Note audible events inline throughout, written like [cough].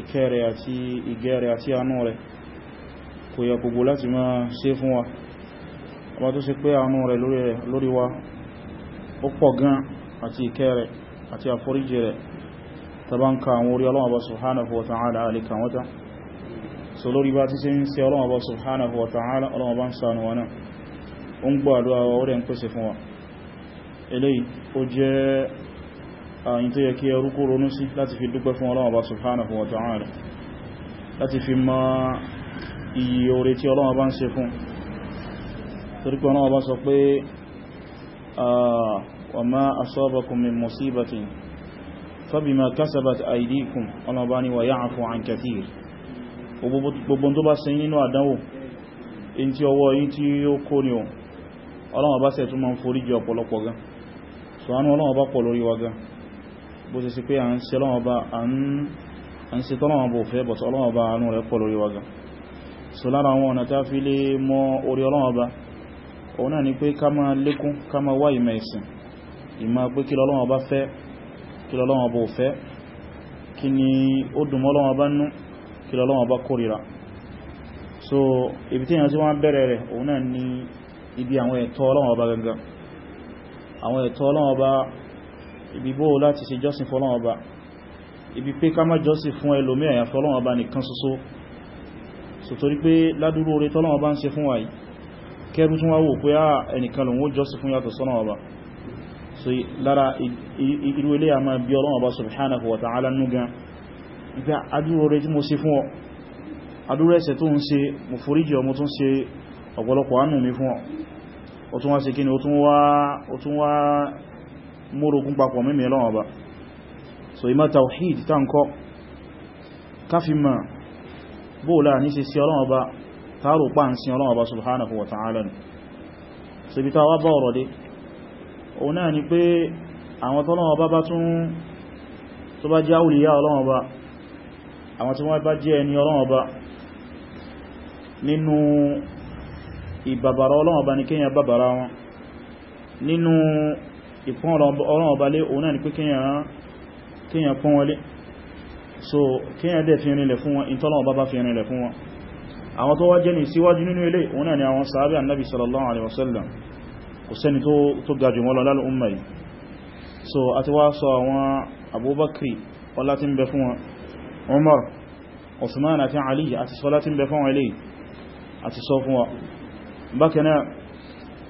ìkẹrẹ àti ìgẹrẹ àti àánú rẹ̀ kò yẹ gbogbo láti máa ṣe fún wa ọba tó ṣe pé àánú rẹ̀ lórí wa ó pọ̀ gan àti ìkẹrẹ àti àforíjì rẹ̀ ka àwọn orí Ọlọ́run Ọba subhanahu alìkà so lórí bá ti ṣe ń àyìn ah, tó yẹ kí ẹrú kó ronú fi dúpẹ́ fún Ọlọ́run Ọba subhanahu wa ta'ala láti fi ma iye oore tí Ọlọ́run Ọba ń ṣe fún torípé Ọba sọ pé ah, wa ma asabakum min musibatin fabima kasabat aydikum Ọlọ́run ni bá bó ti sí pé à ń ṣe tọ́lọ́wọ́ bó fẹ́ bọ̀tọ̀ ọlọ́wọ́ bá anú rẹ̀ pọ̀ lórí wa gan so lára àwọn ọ̀nà tá fi lè mọ orí ọlọ́wọ́ bá òun náà ni so ibi tí èyàn tí wọ́n bẹ̀rẹ̀ rẹ̀ òun náà ni àwọn ẹ̀tọ́ ọlọ́wọ́ bá ibi bó láti ṣe jọ́sìn fọ́lọ́wọ́ ọba ibi pé ká má jọ́sìn fún ẹlòmí àyà fọ́lọ́wọ́ ọba nìkan ṣoṣo so torí pé ládúró oore tọ́lọ́wọ́ ọba ń ṣe fún wa yìí kẹrù tún wá wò pé á ah, ẹnìkan lòun ó jọ́sìn fún yàtọ̀ sọ́nà ọba so lára irú ilé a máa bí ọlọ́wọ́ ọba múrogún papọ̀ mímẹ̀ lọ́wọ́ ba so ìmọ̀ tawhid tánkọ́ káfíma bóòlá ní ṣe sí ọlọ́wọ́ ba tààrò pa sí ọlọ́wọ́ ba subhanahu wa ta'ala ni so ibi tàwà bá ọ̀rọ̀ dé òun náà ni pé àwọn tọ́lọ́wọ́ bá bá tún tó bá jẹ́ àwùlìyà ọlọ́wọ́ ba àwọn tí wọ́n bá jẹ́ ẹni ọlọ́wọ́ ìpọ́n ọ̀rọ̀ ọ̀bálé òun náà ni pé kíyàn pọ́n wọlé so kíyàn dẹ̀ fi rinlẹ̀ fún wọn ìtọ́lọ̀ ọba bá fi rinlẹ̀ fún wọn àwọn tó wá jẹ́ ní síwájú nínú ilé òun náà ni àwọn sàábẹ̀ annabi sallallahu alaihi wasallam kò so a ti wá sọ àwọn abubakri ọlá tí ń bẹ fún wọn umar usman àti ali àti sọ láti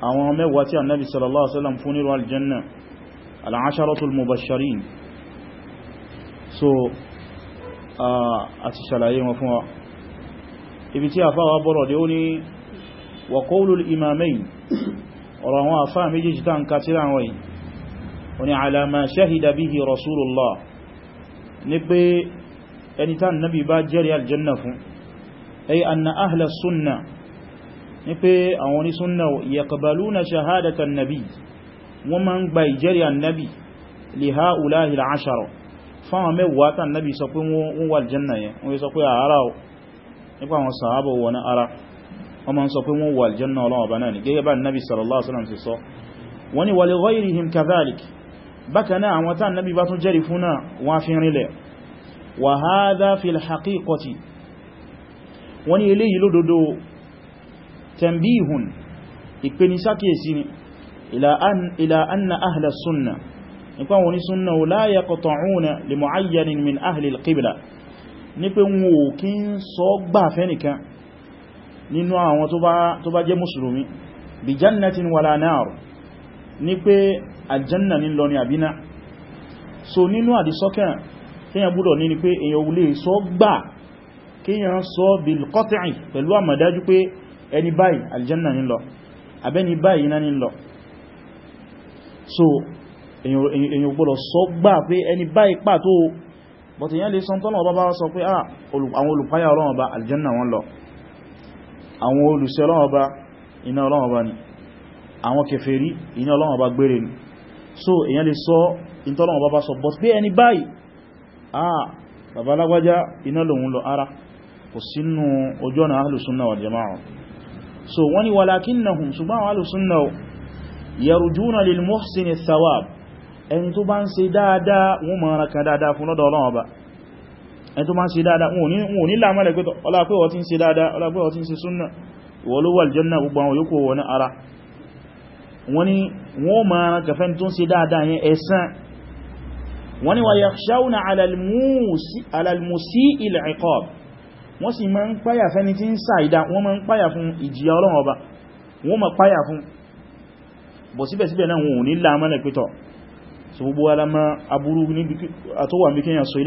àwọn mẹ́wàá tí annabi sallallahu alaihi wasallam fún nírò aljanna al'asharatul mubashirin so a ti ṣàlàyé wọn fún wa ibi tí a fáwa bọ́rọ̀ dé ó ní wa qawlul imamayn ọ̀rọ̀ àwọn afá méjèèjì tá ń ka síra wọ́n yìí ó ní shahida bihi rasulullah ní pé ẹni tá annabi bá jẹ́rìí aljanna fún ay anna ahla sunnah ní pé àwọn onísúnnà yaqbaluna shahadata nabi wọ́n ma ń gba ìjẹ́rì annabi li ha'ulahi al-ashara fáwọn mẹ́wàá tàn nabi sọ pé wọ́n wà aljanna yẹn wọ́n sọ pé àárá ah, nípa àwọn sàhábà wọn ara wọ́n ma ń sọ pé wọ́n wà aljanna ọlọ́wọ́ tẹ̀mbíhùn ìpenisákèsí ni ìlà anna ahla sunna nípa wọn ni sunna wọ́n láyẹ kọtọ̀rún lè mọ̀ ayyanin min ahli al-qibla ní pé wọn ò kí ń sọ gbà fẹ́nìkan nínú àwọn tó bá jẹ́ mùsùlùmí bí jannatin wala nar ní pé aljanna ní lọ ni àbínà so nínú àdìsọ́kàn kíyàn búdọ̀ ní pé èyàn wulé sọ gbà kíyàn sọ bilqati'i pẹ̀lú àmàdájú pé ẹni báyìí aljanna ní lọ abẹ́ni báyìí iná ní lọ so èyàn gbọ́dọ̀ sọ gbà pé ẹni báyìí pàtó but èyàn lè sọ tọ́nà ọba bá sọ pé ah, àwọn olùpáyà ọlọ́wọ́ bá aljanna wọn lọ àwọn olùsẹ́ ọlọ́wọ́ bá iná ọlọ́wọ́ bá ni àwọn kèfèrí iná ọlọ́wọ́ gbére ni so èyàn lè sọ ìtọ́nà ọba bá sọ but pé ẹni báyìí ah babalágbájá iná lòun lọ ara kò sínú ojú ọ̀nà ahlùsúnnà wal jama'a so wani walakinnahum subhanahu wa ta'ala yarjuna lil muhsin athawab ẹni tó bá ń ṣe dáadáa wọ́n ma ra kan dáadáa fún lọ́dọ̀ Ọlọ́run Ọba ẹni tó bá ń ṣe dáadáa wọ́n ní la male pé ola pé ó dáadáa ola pé ó tin ṣe sunna ìwọ gbogbo àwọn yòókù wọn ara wọ́n ní wọ́n ma ra tó ń ṣe dáadáa yẹn ẹ̀san wọ́n wa yakhshawna ala al al wọ́n sì máa ń páyà fẹ́ni tí ń ṣàìdá wọ́n máa ń páyà fún ìjìyà ọlọ́run ọba wọ́n máa páyà fún bọ̀ síbẹ̀síbẹ̀ náà wọn ò ní láàmọ́lẹ̀ pẹ́tọ̀ so gbogbo alama aburú àtọwà bí kíyàn sọ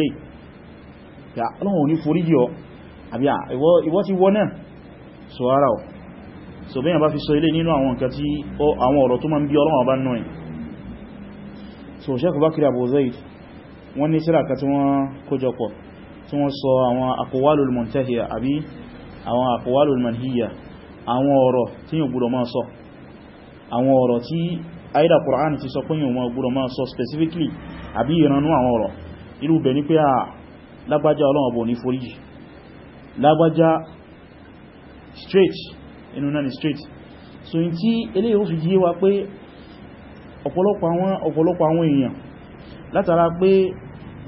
ya ọlọ́run ò ní foríjì ọ àbí ìwọ ti wọ́n náà so ara ọ so bẹ́yàn bá fi sọ ilé nínú àwọn nǹkan tí àwọn ọ̀rọ̀ tó máa ń kójọpọ̀ tí wọ́n sọ àwọn aqwalul muntahiya àbí àwọn aqwalul manhiya àwọn ọ̀rọ̀ tí yíò gbọ́dọ̀ máa sọ àwọn ọ̀rọ̀ tí aida Qur'an ti sọ pé yíò máa máa sọ specifically àbí ìranú àwọn ọ̀rọ̀ irú bẹ̀ ní pé à lágbájá ọlọ́run ọbọ̀ ní foríjì lágbájá straight inú náà ni straight so in tí eléyìí ó fi yé wa pé ọ̀pọ̀lọpọ̀ àwọn èèyàn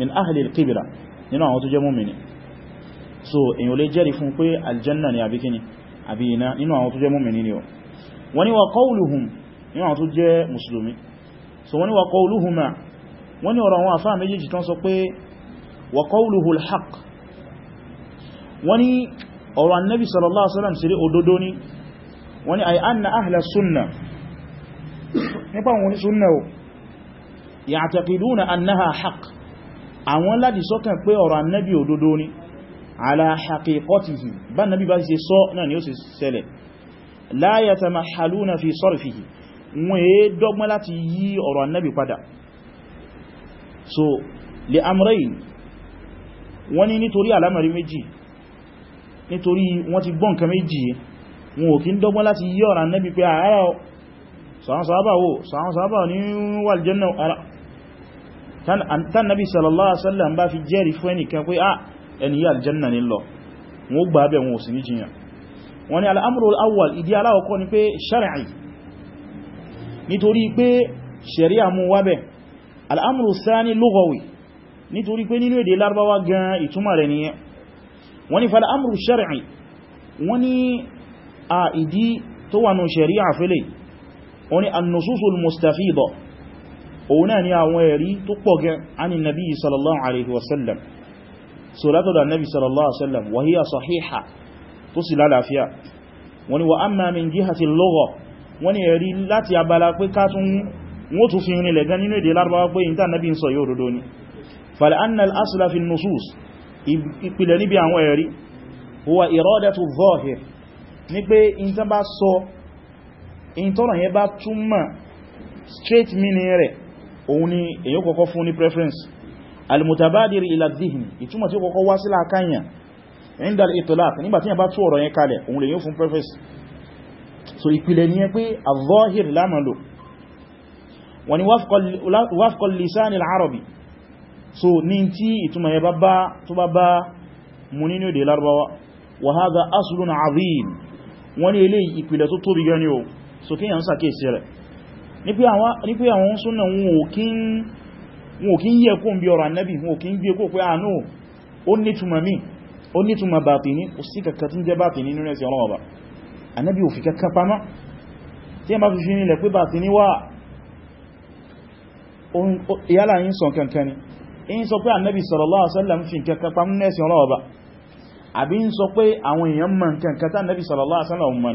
min ahli al-qibla nínú àwọn tó jẹ́ mu'mini so èyàn lè jẹ́rìí fún pé aljanna ni àbí kíni àbí iná nínú àwọn tó jẹ́ mu'mini ni o wọ́n wa qawluhum nínú àwọn tó jẹ́ muslimi so wọ́n ní wa qawluhuma wọ́n ní ọ̀rọ̀ àwọn àfáà méjèèjì tán sọ pé wa qawluhu al-haqq wọ́n ní ọ̀rọ̀ annabi sallallahu alaihi wasallam sí rí òdodo ní ay anna ahla sunna nípa wọn sunna o ya'taqiduna annaha haqq àwọn láti sọ́kàn pé ọ̀rọ̀ annabi òdodo ni ala haqiqatihi bá annabi bá ṣe sọ náà ni ó sì ṣẹlẹ̀ la yatamahaluna fi sarfihi wọ́n è dọ́gbọ́n láti yí ọ̀rọ̀ annabi padà so li amrayn wọ́n ni nítorí alamari méjì nítorí wọ́n ti gbọ́n tán nabi sallallahu alaihi wasallam bá fi jẹ́rì fún ẹnìkan pé à ah, ẹni yà aljanna ni lọ wọ́n gbà bẹ̀ wọn ò sì ní jiyàn wọ́n ni al'amuru al'awwal ìdí aláwọ̀kọ́ ni pé ṣari'i nítorí pé ṣari'a mú wábẹ̀ al'amuru sani lughawi nítorí pé nínú èdè larbawa gan ìtumà rẹ̀ ni wọ́n ni fal'amuru ṣari'i wọ́n ni a ìdí tó wà nù ṣari'a fẹ́lẹ̀ wọ́n ni annususul mustafida òun náà ni àwọn ẹ̀rí tó pọ̀ gan ani nabi sallallahu alaihi wasallam so látọ̀dọ̀ nabi sallallahu alaihi wasallam wa hiya sahiha tó sì lálàáfíà wọ́n ni wa amma min jihati lugha wọ́n ni ẹ̀rí láti abala pé ká tún wọ́n tún fi rinlẹ̀ gan nínú èdè lárúbáwá pé ìta nabi sọ yóò dodo ni straight meaning rẹ̀ òun ni èyí kọ́kọ́ fún ní preference al-mutabadir ila dhihn ìtumọ̀ tí ó kọ́kọ́ wá sí láàkáyàn inda al-itlaq nígbàtí yàn bá tú ọ̀rọ̀ yẹn kalẹ̀ òun lè yóò fún preference so ìpìlẹ̀ ni pé al-zahir lámàlò wani wafqal lisan al-arabi so ní tí ìtumọ̀ yẹ bá tó bá bá mú nínú èdè larbawa wa hadha azim wani ilé ìpìlẹ̀ tó tóbi gani o so kíyàn sàkéèsì rẹ̀ ní pé àwọn súnà wọn ò kí ń yẹ kó ń bí ọ̀rọ̀ annabi wọn ò kí ń gbé kó pé àánú ah, ó ní túnmà mí ó ní túnmà bàtìní ó sí kàkà tí ń jẹ́ bàtìní nínú ẹ̀sìn ọlọ́wọ́ bá annabi ò fi kàkà pamá tí a bá fi fi nílẹ̀ pé bàtìní wà yálà yí sọ kankan ni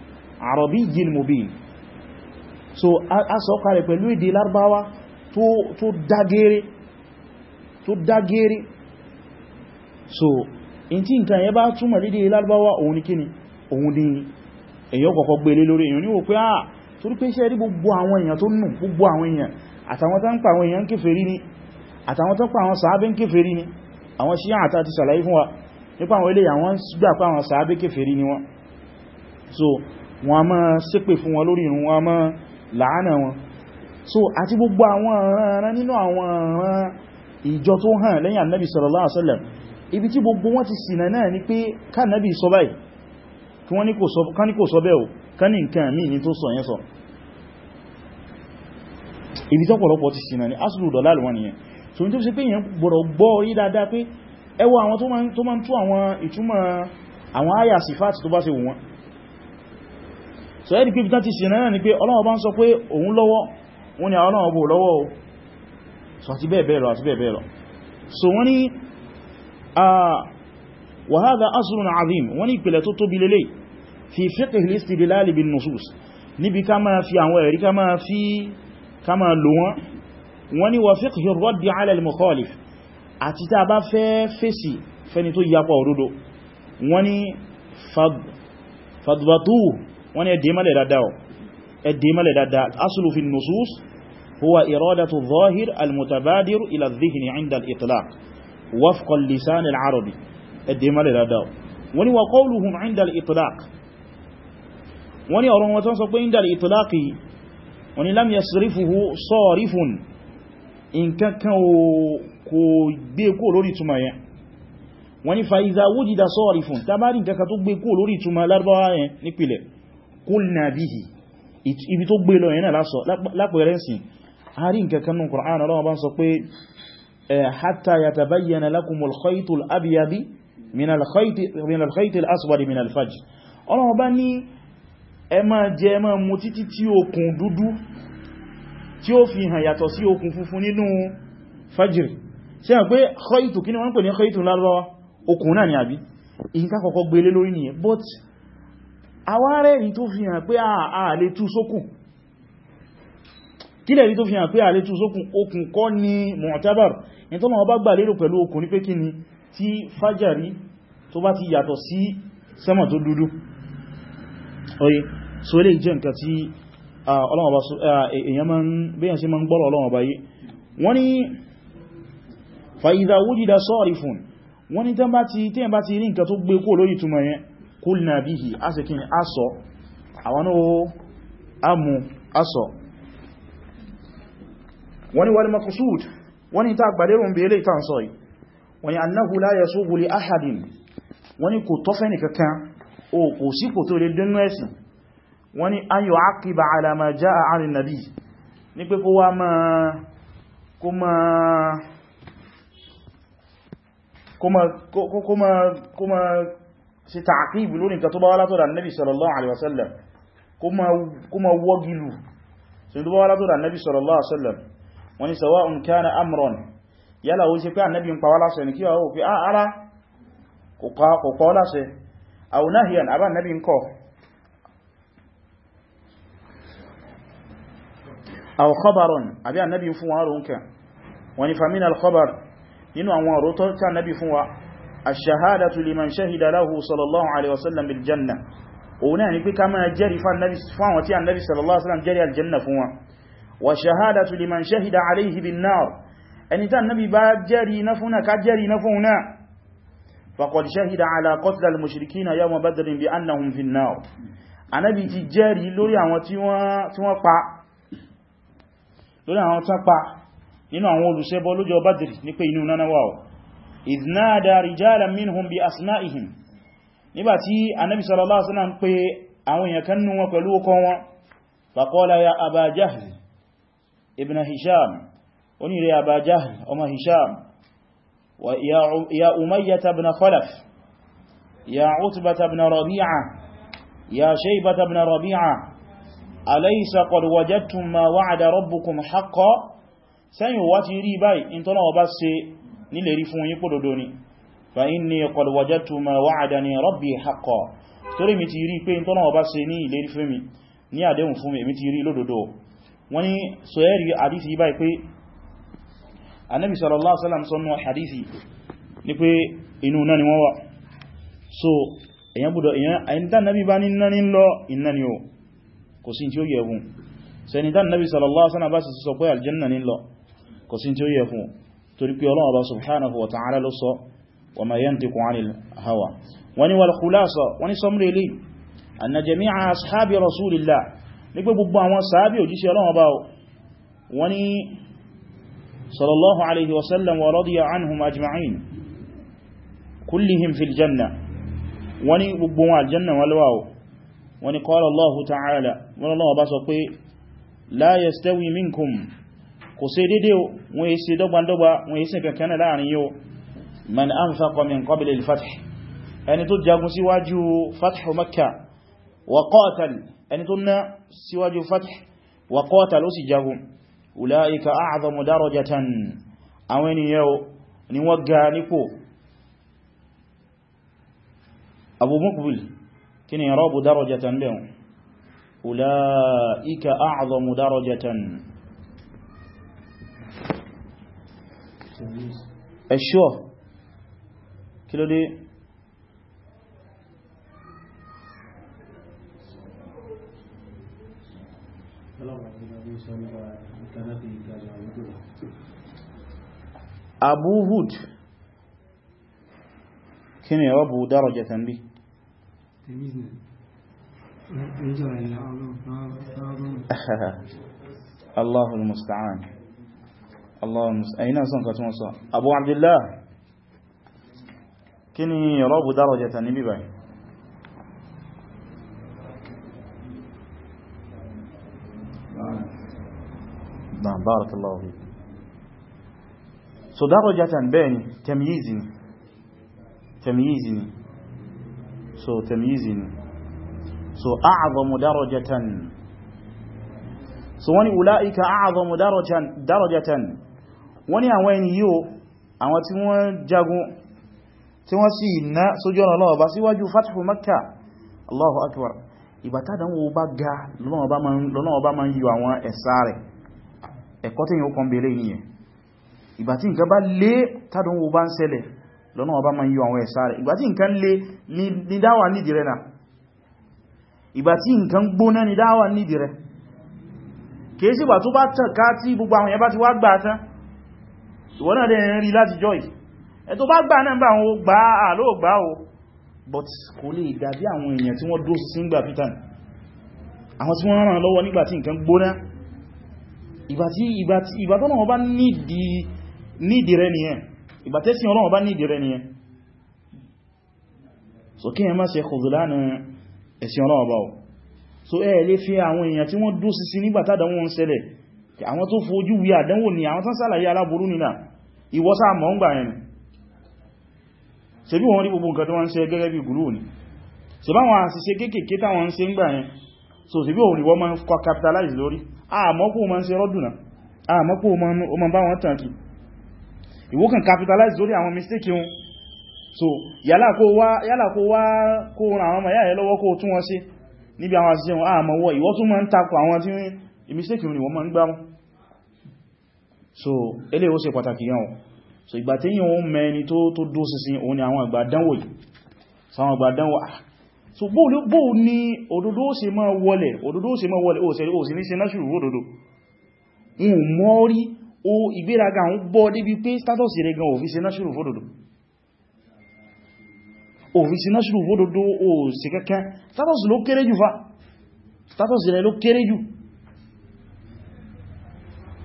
arabiyyin mubin so a sọ kalẹ̀ pẹ̀lú èdè lárúbáwá tó dágéré tó dágéré so in tí nǹkan yẹn bá túmọ̀ lédè lárúbáwá òun ni kíni òun ni èyàn kọ̀kọ́ gbélé lórí èyàn níwò pé àà ah, torí pé iṣẹ́ rí gbogbo àwọn èèyàn tó nù gbogbo àwọn èèyàn àtàwọn tó ń pa àwọn èèyàn kéfèrí ni àtàwọn tó pa àwọn sàábé ń kéfèrí ni àwọn ṣíyà àtà ti sàlàyé fún wa nípa àwọn ilé àwọn gbà pa àwọn sàábé kéfèrí ni wọn so wọn a máa ṣépè fún wọn lórí ìrun wọn a máa làánà wọn so àti gbogbo àwọn ọ̀ràn nínú àwọn ọ̀ràn ìjọ tó hàn lẹ́yìn annabi sallallahu alaihi wasallam ibi tí gbogbo wọn ti ṣìnà náà ni pé ká nabi sọ báyìí kí wọ́n ní kò sọ bẹ́ẹ̀ o ká ní nǹkan míì ní tó sọ yẹn sọ ibi tó pọ̀lọpọ̀ ti ṣìnà ní asùlù dọ̀lá lọ́wọ́ nìyẹn so ní tó ṣe pé yẹn gbọ́rọ̀ gbọ́ yí dáadáa pé ẹwọ àwọn tó máa ń tú àwọn ìtumọ̀ àwọn àyà sífàtì tó bá ṣe wọ́n so ẹ́rì pé bítá ti sì náà ni pé Ọlọ́run bá ń sọ pé òun lọ́wọ́ wọ́n ni àwọn Ọlọ́run bó lọ́wọ́ o so àti bẹ́ẹ̀ bẹ́ẹ̀ lọ àti bẹ́ẹ̀ bẹ́ẹ̀ lọ so wọ́n ni wa hadha aslun azim wọ́n ni ìpìlẹ̀ tó tóbi lélẹ̀ fi fiqh al-istidlal bin nusus níbi ká wọ́n ni ẹ̀dẹ̀mọ́lẹ̀ dáadáa ẹ̀dẹ̀mọ́lẹ̀ dáadáa asùlù fi nusus huwa iradatu zahir almutabadiru ila dhihni inda al-itlaq wafqa lisan al-arabi ẹ̀dẹ̀mọ́lẹ̀ dáadáa wọ́n ni wa qawluhum inda al-itlaq wọ́n ni ọ̀rọ̀ wọn tán sọ pé inda itlaq wọ́n lam wọ́n ni fa iza wujida sarifun nǹkan tó gbé kó lórí túmọ̀ lárúbáwá yẹn nípìlẹ̀ qulna bihi ibi tó gbé lọ yẹn náà lásọ lápẹẹrẹ sí a rí nǹkankan nù Qur'an Ọlọ́run bá ń sọ pé eh, hatta yatabayyana lakumul khaytul abyad minal khaytil aswad minal fajr Ọlọ́run bá ní ẹ máa jẹ ẹ máa mu títí tí okùn dúdú tí ó fi hàn yàtọ̀ sí okùn funfun nínú kí ni wọ́n pè ní khaytu lárọ́ okùn náà ni àbí ìyíká kọ̀kọ́ gbélé lórí nìyẹn but àwárẹ̀rí tó fi hàn pé ààlè tú sókùn kí lẹ̀rí tó fi hàn pé ààlè tú sókùn okùn kọ́ ní mu'tabar ní tó náà bá gbà lérò pẹ̀lú okùn ní pé kí ni tí fájàrí tó bá ti yàtọ̀ sí sánmà tó dúdú oye so lè jẹ́ nǹkan tí èyàn sí ma ń gbọ́rọ̀ ọlọ́wọ̀n báyé wọ́n ni fa idha wujida sarifun wọ́n ni tẹ́ bá ti rí nǹkan tó gbé kó lórí túnmọ̀ kúlnà bí i a sì kí ni a sọ àwọn ó amú a sọ wọ́n ni wal maqsud wọ́n ni ta gbàlérùn bí ilé ìtàn sọ yìí wọ́n ni annahu la yasubu li ahadin wọ́n ni kò tọ́fẹ́ ní kankan o kò sí kò tó lè dínú ẹ̀sìn wọ́n an yu'aqiba ala ma jaa 'an an-nabi ní pé kó wá máa sí tààkìbù lórí nǹkan tó bá wá látọ̀dọ̀ annabi sallallahu alaihi wasallam kó ma wọ́gilù sí tó bá wá látọ̀dọ̀ annabi sallallahu alaihi wasallam wani sawa'un kana amron yálà ó sì pé annabi ń pàwà lásẹ̀ ní kí wà ó pé ah, ara kò pàwà lásẹ̀ aw nahyan àbá annabi ń kọ̀ aw khabaron àbí annabi fún wa rò ń kẹ àwọn ọ̀rọ̀ tó tí annabi fún wa الشهادة لمن شهد له صلى الله عليه وسلم بالجنة ona ni pé ká máa jẹ́rìí fa nabi fa wọn tí annabi sallallahu alaihi wasallam jẹ́rìí aljanna fún wa wa shahadatu liman shahida alayhi bin nar ẹni tá annabi bá jẹ́rìí na funa ká jẹ́rìí na funa faqad shahida ala qatl al mushrikin yawm badr bi annahum fi an-nar annabi ti jẹ́rìí lórí àwọn tí wọ́n tí wọ́n pa lórí àwọn tá pa nínú àwọn olùṣẹbọ lọ́jọ́ badr ní pé inú nana wa o idh nada rijalan minhum bi asma'ihim nígbàtí anábi sallallahu alaihi wasallam pé àwọn èèyàn kan nù wọn pẹ̀lú ọkọ wọn faqala ya Aba Jahl ibn Hisham oníire Aba Jahl ọmọ Hisham wa ya Umayyata ibn Khalaf ya Utbata ibn Rabi'a ya Shaybata ibn Rabi'a alaysa qad wajadtum ma wa'ada rabbukum haqqan sẹ́yìn wá ti rí báyìí in tọ́nà ọba se nílè rí fún yín pódòdó ni fa inni qad wajadtu ma wa'adani rabbi haqqan torí mi ti rí pé n tọ́nà ọba ṣe ní ìlérí fún mi ní àdéhùn fún mi ti rí lódòdó wọ́n ni sọ́ẹ̀rí àdífi báyìí pé anábi sallallahu alaihi wasallam sọ́nà hadithi ní pé inú so èyàn búdọ̀ èyàn àyíntàn nábi bá ní náà ní lọ iná ni ó torí pé Ọlọ́run Ọba subhanahu wa ta'ala ló sọ wa ma yantiqu 'anil hawa wani wal khulasa wani summary li anna jami'a ashabi rasulillah ní pé gbogbo àwọn sahabi òjíṣẹ́ Ọlọ́run Ọba wani sallallahu alaihi wasallam wa radiya anhum ajma'in kullihim sọ pé la yastawi minkum kò ṣe dédé wọ́n yí sí dọ́gbandọ́gba wọ́n yí sí kankaná láàrin yóò man anfaqa min qabli al-fath ẹni tó jagun síwájú fathu makka wa qatal ẹni tó ná síwájú ẹ̀ṣọ́ kí ló dé Abu Hud kí ni ọ̀bù dárọjẹ̀ tàbí Allahul Musta'an. Allahun ẹ̀yìn náà sọ́nkà tí wọ́n sọ Abu Abdillah kí ni rọ́bù dárọjẹta ní bíbáyìí نعم بارك الله فيك so darajatan bẹ́ẹ̀ni tamyizi ni tamyizi ni so tamyizi ni so a'zamu darajatan so wani ula'ika a'zamu darajatan wọ́n ní àwọn ẹni yíò àwọn tí wọ́n jagun tí wọ́n sì ná sójú ọ̀nà Ọlọ́run Ọba síwájú fatihu Makka Allahu akbar ìbátádánwò bá ga lọ́nà ọba ma ń yíò àwọn ẹ̀sà rẹ̀ ẹ̀kọ́ tí yíò kan bèèrè nìyẹn ìbátí nǹkan bá lọ́nà ọba ma ń àwọn tó so wọ́n náà dẹ̀ rí láti jọ yìí ẹ tó bá gbà náà bá àwọn gbà àlò gbà o but kò lè dàbí àwọn èèyàn tí wọ́n dó síngbà pítàn àwọn tí wọ́n ràn lọ́wọ́ nígbà tí nǹkan gbóná ìgbà tó náà bá nídìí rẹ nìyẹn ìgbà tẹ́sí ọlọ́wọ́ bá nídìí rẹ nìyẹn so kí ẹ má ṣe kòzùlánà ẹ̀sìn ọlọ́wọ́ bá o so ẹ lè fi àwọn èèyàn tí wọ́n dó sísí nígbà tádà wọn ṣẹlẹ̀ àwọn tó fojú wí àdánwò ni àwọn tán sálàyé aláburú nìyà ìwọ́sá mọ̀ ń gbà ẹni ṣe bí wọ́n rí gbogbo nǹkan tó wọ́n ń ṣe gẹ́gẹ́ bí gùrù ni ṣe bá wọn àṣìṣe kéèkéé táwọn ń ṣe ń gbà ẹni so ṣe bí òun wọ́n máa capitalize lórí àmọ́pò ma ń ṣe rọ́dùnà àmọ́pò ma ń bá wọn capitalize lórí àwọn mistake wọn so yálà kó wá kó ran àwọn ọmọ yáà yẹ lọ́wọ́ kó tún wọn ṣe níbi àwọn àṣìṣe wọn àmọ́wọ́ ìwọ́ tún ma ń takò àwọn tí mistake wọn ni wọ́n ma ń gbá wọn so ele ó ṣe pàtàkì yan so ìgbà tí yan o me ni tó tó do sisin òun ni àwọn ìgbà dánwò yìí so àwọn ìgbà dánwò ah so bo lo bo ni òdodo o ṣe máa wọlé òdodo o ṣe máa wọlé ó ṣe ó ṣe ni ṣe nasuru òdodo un mo o ìgbéraga un bo débi pé status rẹ̀ gan o fi ṣe nasuru òdodo ó fi ṣe nasuru òdodo o ṣe kankan status ló kéré jù fa status rẹ̀ ló kéré jù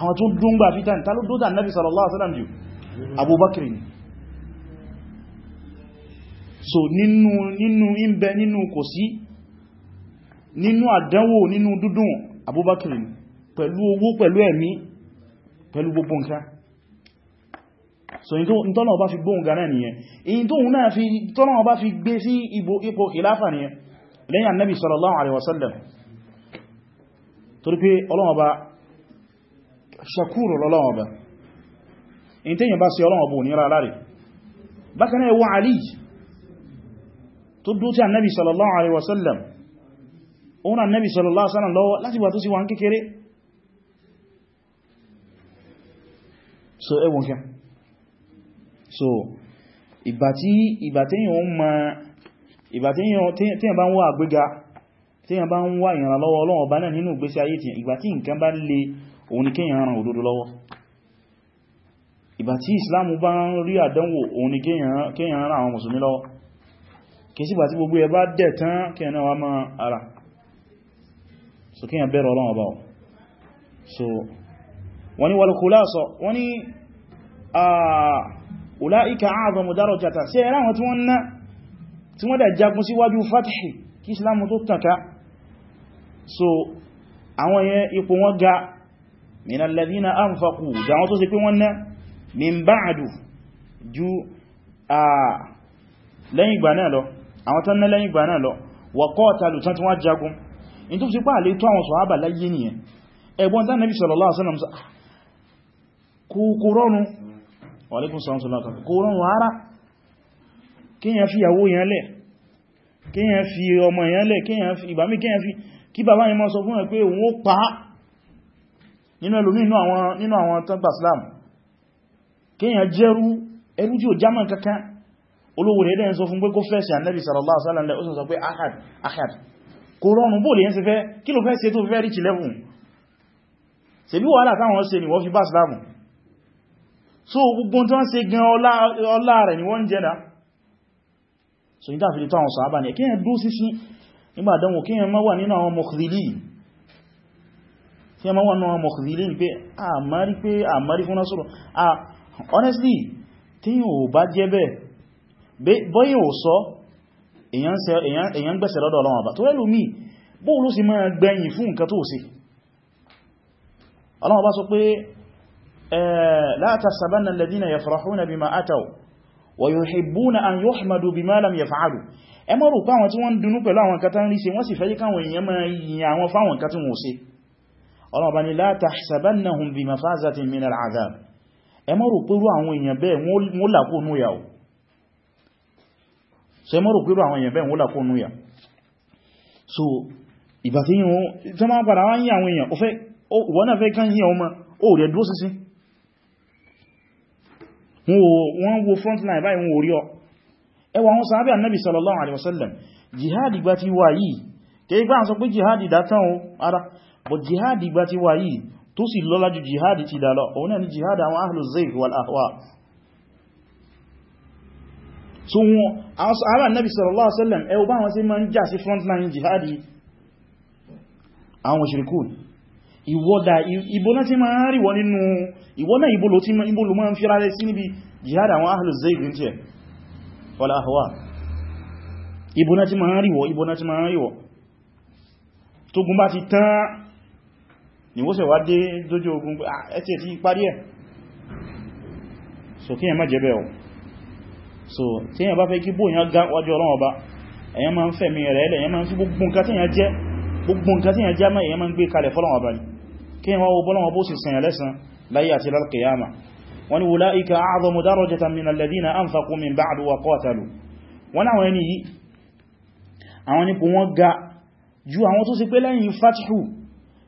àwọn tó dúngbà fitan ta ló dúdà nabi sallallahu alaihi wasallam jù abubakir ni so nínú ìbẹ nínú kò sí nínú àdánwò nínú dúdùn abubakir ni pẹ̀lú owó pẹ̀lú ẹ̀mí pẹ̀lú gbogbo nǹkan so yin tọ́nà ọba fi gbóhùn gánà nìyẹn in tó náà fi gbé sí ìbò ipò nìyẹn lẹ́yìn annabi sallallahu alaihi wasallam ṣakúrò lọ́lọ́wọ́ ọba in tí yìn bá sí ọlọ́wọ́ bò níra aláre bákanáà ẹwọ́ alì tó dó tí annabi sallallahu alaihi wasallam òun annabi sallallahu alaihi wasallam lọ́wọ́ láti wà tó sì wà ń kékeré so ẹwọ́n kẹ so ìbàtí ìbàtíyàn ma ìbàtíyàn tí yìn bá ń wá àgbéga tí yìn bá ń wá ìrànlọ́wọ́ ọlọ́wọ́ ọba náà nínú ìgbésí ayé òun ni kíyàn ran òdodo lọ́wọ́ ìgbà tí islam bá ń rí àdánwò òun ni kíyàn ran àwọn mùsùlùmí lọ́wọ́ kìí sígbà gbogbo ẹ bá dẹ̀ tán kíyàn náà wá máa ara so kíyàn bẹ̀rẹ̀ ọlọ́run ọba so wọ́n ni wàlùkúlá sọ wọ́n ni ulaika a'zamu darajata sí ẹ̀rá wọn tí wọ́n ná tí àwọn yẹn ipò wọn ga min alladhina anfaqu jàwọn tó sì pé wọ́n ná min ba'du ju a lẹ́yìn ìgbà náà lọ àwọn tán ná lẹ́yìn ìgbà náà lọ wa qatalu tán tí wọ́n jagun in tó fi pà lè tó àwọn sọ̀hábà láyé nìyẹn ẹgbọ́n tán Nabi sallallahu alaihi wasallam kò rọrùn wa alaikum salam kò rọrùn ara kíyàn fi ìyàwó yẹn lẹ̀ kíyàn fi ọmọ yẹn lẹ̀ kíyàn fi ìbàmí kíyàn fi kí bàbá yẹn mọ́ sọ fún ẹ̀ pé òun ó nínú ẹlòmí nínú àwọn tán gbà Islam kíyàn jẹ́rú ẹrú jí ò jámọ̀ kankan olówó rẹ̀ dẹ̀ ń sọ fún pé kó fẹ́sì Ànábì sallallahu alaihi wasallam ó sọ pé ahad ahad kò rọrùn bóòlì yẹn ṣe fẹ́ kí ló fẹ́ ṣe so gbogbo tó ń ṣe gan ọlá so ní tàbí tó àwọn sàábà ní ẹ̀kíyàn dó sísí nígbàdánwò kíyàn má wà nínú tí a máa wọ́n náà mọ̀kìdílé ní pé àmárí pé àmárí fún násùrù ah honestly tí yíò bá jẹ́ bẹ́ẹ̀ bọ́yí ò sọ èyàn gbẹ̀sẹ̀ lọ́dọ̀ ọlọ́wọ́ bá tó rẹ̀lú mi bóòlù sí máa gbẹ̀yìn fún nǹkan tó sí ọlọ́wọ́ bá sọ pé la tahsabanna alladhina yafrahuna bima ataw wa yuhibbuna an yuhmadu bima lam yaf'alu ẹ má rò pé àwọn tí wọ́n ń dunú pẹ̀lú àwọn nǹkan rí ṣe wọ́n sì fẹ́ yí káwọn èèyàn máa àwọn fáwọn nǹkan wọ́n ṣe ọlọ́ọ̀bá ni la tahsabannahum bi mafazatin min al'adhab ẹ má rò pé irú àwọn èèyàn bẹ́ẹ̀ wọ́n làkó núyà o so ẹ má rò pé irú àwọn èèyàn bẹ́ẹ̀ wọ́n làkó núyà so ìgbà tí yíò tó máa padà wá ń yí àwọn èèyàn wọ́n náà fẹ́ kán yí ọmọ ó rẹ̀ dúró sísí sọ pé jihadi dátán ara but jihadi gba ti wà yìí tó sì lọ́lá ju jihadi ti dà lọ òun náà ni jihadi àwọn ahlu zayf wal ahwa so wọn àwọn sahaba nabi sallallahu alaihi wasallam ẹ bá wọn ṣe máa ń jà sí frontline jihadi àwọn mushrikun ìwọ́dà ìbò náà ti máa ń rí wọ nínú ìwọ́ náà tó gùn bá ti tán ni wọ́n sẹ̀ wá dé dójú ogun ah, ẹ̀tí ẹ̀tí parí ẹ̀ so kí ẹ má jẹ́bẹ̀ ọ̀ so tí ẹ bá fẹ́ kí bóyán gá wájú ọlọ́wọ́ bá ẹ̀yẹn máa ń fẹ̀mí rẹ̀ ẹ̀lẹ̀ ẹ̀yẹn máa ń fi gbogbo nǹkan tí ẹ̀yẹn jẹ́ gbogbo nǹkan tí ẹ̀yẹn jẹ́ ẹ̀yẹn máa ń gbé kalẹ̀ fọ́lọ́wọ́ bá ní kí ẹ wá wo bọ́lọ́wọ́ bó sì sẹ̀yẹ̀ lẹ́sàn láyé àti lálkìyàmà wọ́n ni wùláìka a'zamu darajatan min alladhina anfaqu min ba'du wa qatalu wọ́n àwọn ẹni yìí àwọn nípò wọ́n ga ju àwọn tó sì pé lẹ́yìn fatihu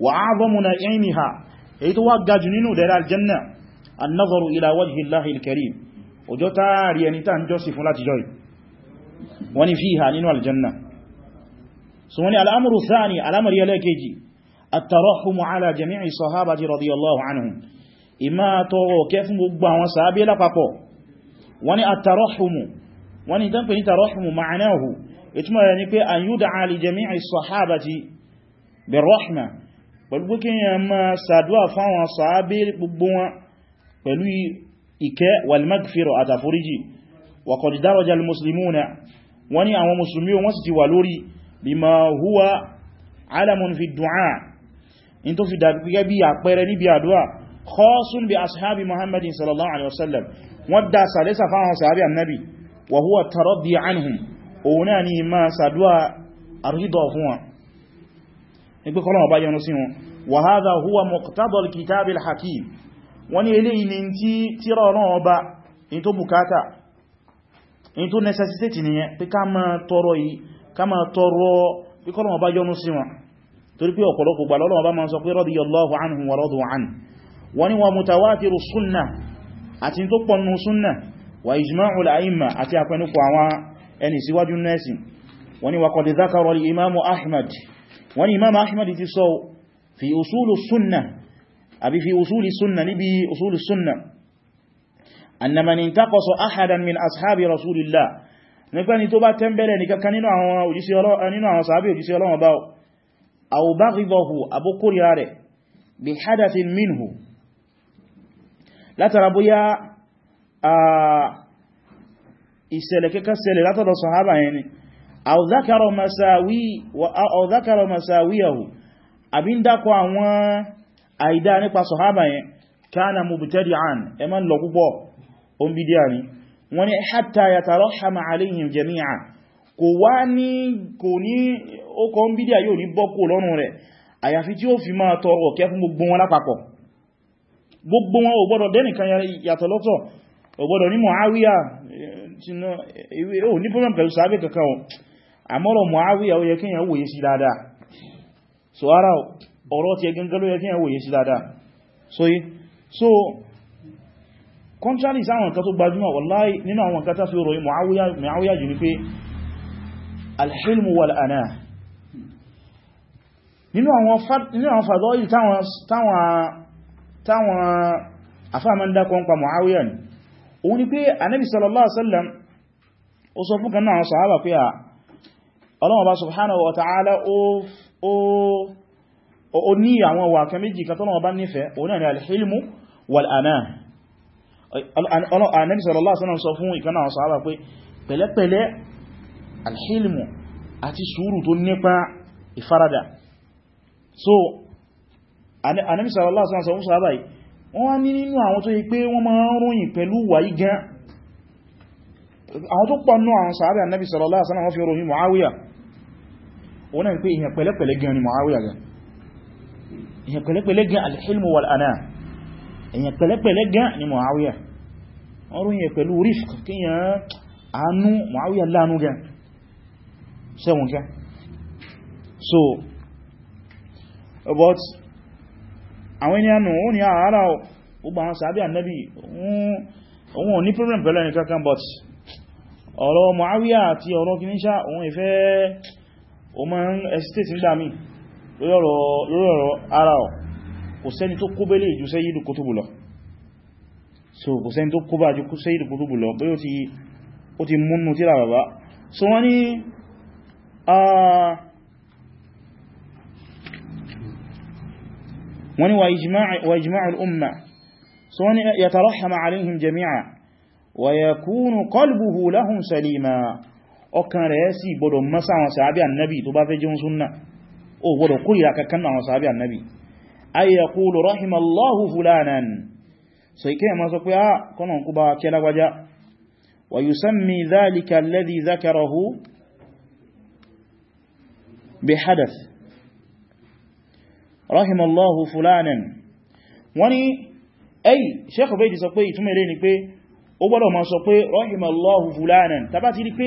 wa a'zamu na'imiha èyí tó wá gajù nínú dẹ̀rẹ̀ aljanna an-nazaru ila wajhi Allahi al-karim ọjọ́ táàrí ẹni tàà ń jọ́sìn fún láti jọ́ì wani fiha nínú aljanna so wani al'amuru thani al'amari ẹlẹ́kejì at-tarahumu ala jami'i sahabati radiyallahu anhum ima tọrọ kẹ fún gbogbo àwọn sàábé lápapọ̀ wani at-tarahumu wani dánpẹ̀ ní tarahumu ma'anahu ìtumọ̀ rẹ̀ ni pé an yud'a li jami'i sahabati birrahma pẹ̀lú pé kíyàn máa sàdúwà fáwọn sàábé gbogbo wọn pẹ̀lú ìkẹ́ walmagfiro àtàforíjì wakọ̀dìdárọjà muslimuna wọ́n ní àwọn musulmi wọ́n sì ti wà lórí bima huwa alamun fi du'a in tó fi dàbí gẹ́gẹ́ bí àpẹẹrẹ níbi àdúwà khasun bi ashabi muhammadin sallallahu alaihi wasallam wọ́n dá sàlẹ́sà fáwọn sàábé nígbé kọ́lọ̀wọ̀ bá yẹnu sí wọn wa hadha huwa muqtada al-kitab al-hakim wani eléyìí ni tí tíra ọ̀rán ọba in tó bukata in tó necessity nìyẹn pé ká máa tọrọ yìí ká máa tọrọ bí kọ́lọ̀wọ̀ bá yẹnu sí wọn torí pé ọ̀pọ̀lọpọ̀ gbà lọ́lọ́wọ̀ bá máa sọ pé radiyallahu anhum wa radu an wani imamu ahmad wọ́n ni imam ahmad ti sọ fi usulu sunna àbí fi usuli sunna níbi usulu sunna anna man intaqasa ahadan min ashabi rasulillah nípa ni tó bá tẹ́mbẹ̀lẹ̀ ní kankan nínú àwọn sàábí òjísí ọlọ́wọ́ báwọ̀ aw baghidahu abókóríà rẹ̀ bi hadathin minhu látara bóyá ìṣẹ̀lẹ̀ kẹ́kẹ́ ṣẹlẹ̀ látọ̀dọ̀ sàhábà yẹn ni aw dhakara masawi wa aw dhakara masawiyahu abin dako àwọn àìdá nípa sàhábà yẹn kana mubtadi'an ẹ man lọ púpọ̀ on bidia ni wọ́n ní hatta yatarahama alaihim jami'a kò wá ní kò ní ó kọ́ ń bídíà yóò ní bọ́kù lọ́rùn rẹ̀ àyàfi tí ó fi máa tọrọ kẹ́ fún gbogbo wọn lápapọ̀ gbogbo wọn ò gbọ́dọ̀ dẹ́nìkan yàtọ̀ lọ́tọ̀ ò gbọ́dọ̀ ní Muawiya ò eh, eh, ní problem pẹ̀lú sàábẹ̀ kankan àmọ́rọ̀ Muawiya ó yẹ kí yẹn wòye sí dáadáa so ara ọ̀rọ̀ ti ẹgbẹ̀ngẹ́ ló yẹ kí yẹn wòye sí dáadáa so yí so contrary sáwọn nǹkan tó gbajúmọ̀ wallahi nínú àwọn nǹkan tàbí ròyìn Muawiya jù ní pé alhilmu wal ana nínú àwọn fàdọ́ yìí táwọn afáàmọ́ndakọ̀ ń pa Muawiya ni òun ni pé Ànábì sallallahu alaihi wasallam sọ fún kan náà sàhábà pé ọlọ́wọ́n bá subhanahu wa ta'ala ó ní àwọn wà kan méjì kan tọ́lọ́wọ́n bá nífẹ̀ẹ́ òun náà ni alhilmu wal'ana Ànábì sallallahu alaihi wasallam sọ fún ìkan náà sahaba pé pẹ̀lẹ́pẹ̀lẹ́ alhilmu àti sùúrù tó nípa ìfaradà so Ànábì sallallahu alaihi wasallam sọ fún sahaba yìí wọ́n ní nínú àwọn tó yí pé wọ́n máa ń ròyìn pẹ̀lú wàyí gan àwọn tó pọ̀ nínú àwọn sahaba Ànábì sallallahu alaihi wọ́n fi ròyìn Muawiya òun náà pé ìyẹn pẹ̀lẹ́pẹ̀lẹ́ gan ni Muawiya gan ìyẹn pẹ̀lẹ́pẹ̀lẹ́ gan al-hilmu wal-ana ìyẹn pẹ̀lẹ́pẹ̀lẹ́ gan ni Muawiya ọrún yẹ pẹ̀lú rifq kíyàn àánú Muawiya lánú gan sẹ́wọ̀n gan so but àwọn ènìyàn nù ó ní ah, àárá ọgbà o ma ń estate ń dámí lórí ọ̀rọ̀ ara ọ̀ kò sẹ́ni tó kó bẹ́lẹ̀ ìjú Sayyidu Kutubu lọ so kò sẹ́ni tó kó bá jù Sayyidu Kutubu lọ bí ó ti múnú tíra bàbá so wọ́n ni wọ́n ni wa ijma'u al-umma so wọ́n ni yatarahham alayhim jami'a wa yakunu qalbuhu lahum salima ọkàn rẹ̀ sì gbọdọ̀ mọ́sá àwọn sàábí annabi tó bá fẹ́ jẹun súnnà ó gbọdọ̀ kórìíra kankan àwọn sàábí annabi ay yaqulu rahimallahu fulanan so ike ma sọ pé a ah, kọ́nà kú bá kí lágbàjá wa yusammi dhalika alladhi dhakarahu bi hadath rahimallahu fulanan wani ay sheikh baydi sọ pé ìtumọ̀ ni pé ó gbọdọ̀ ma sọ pé rahimallahu fulanan tàbátí rí pé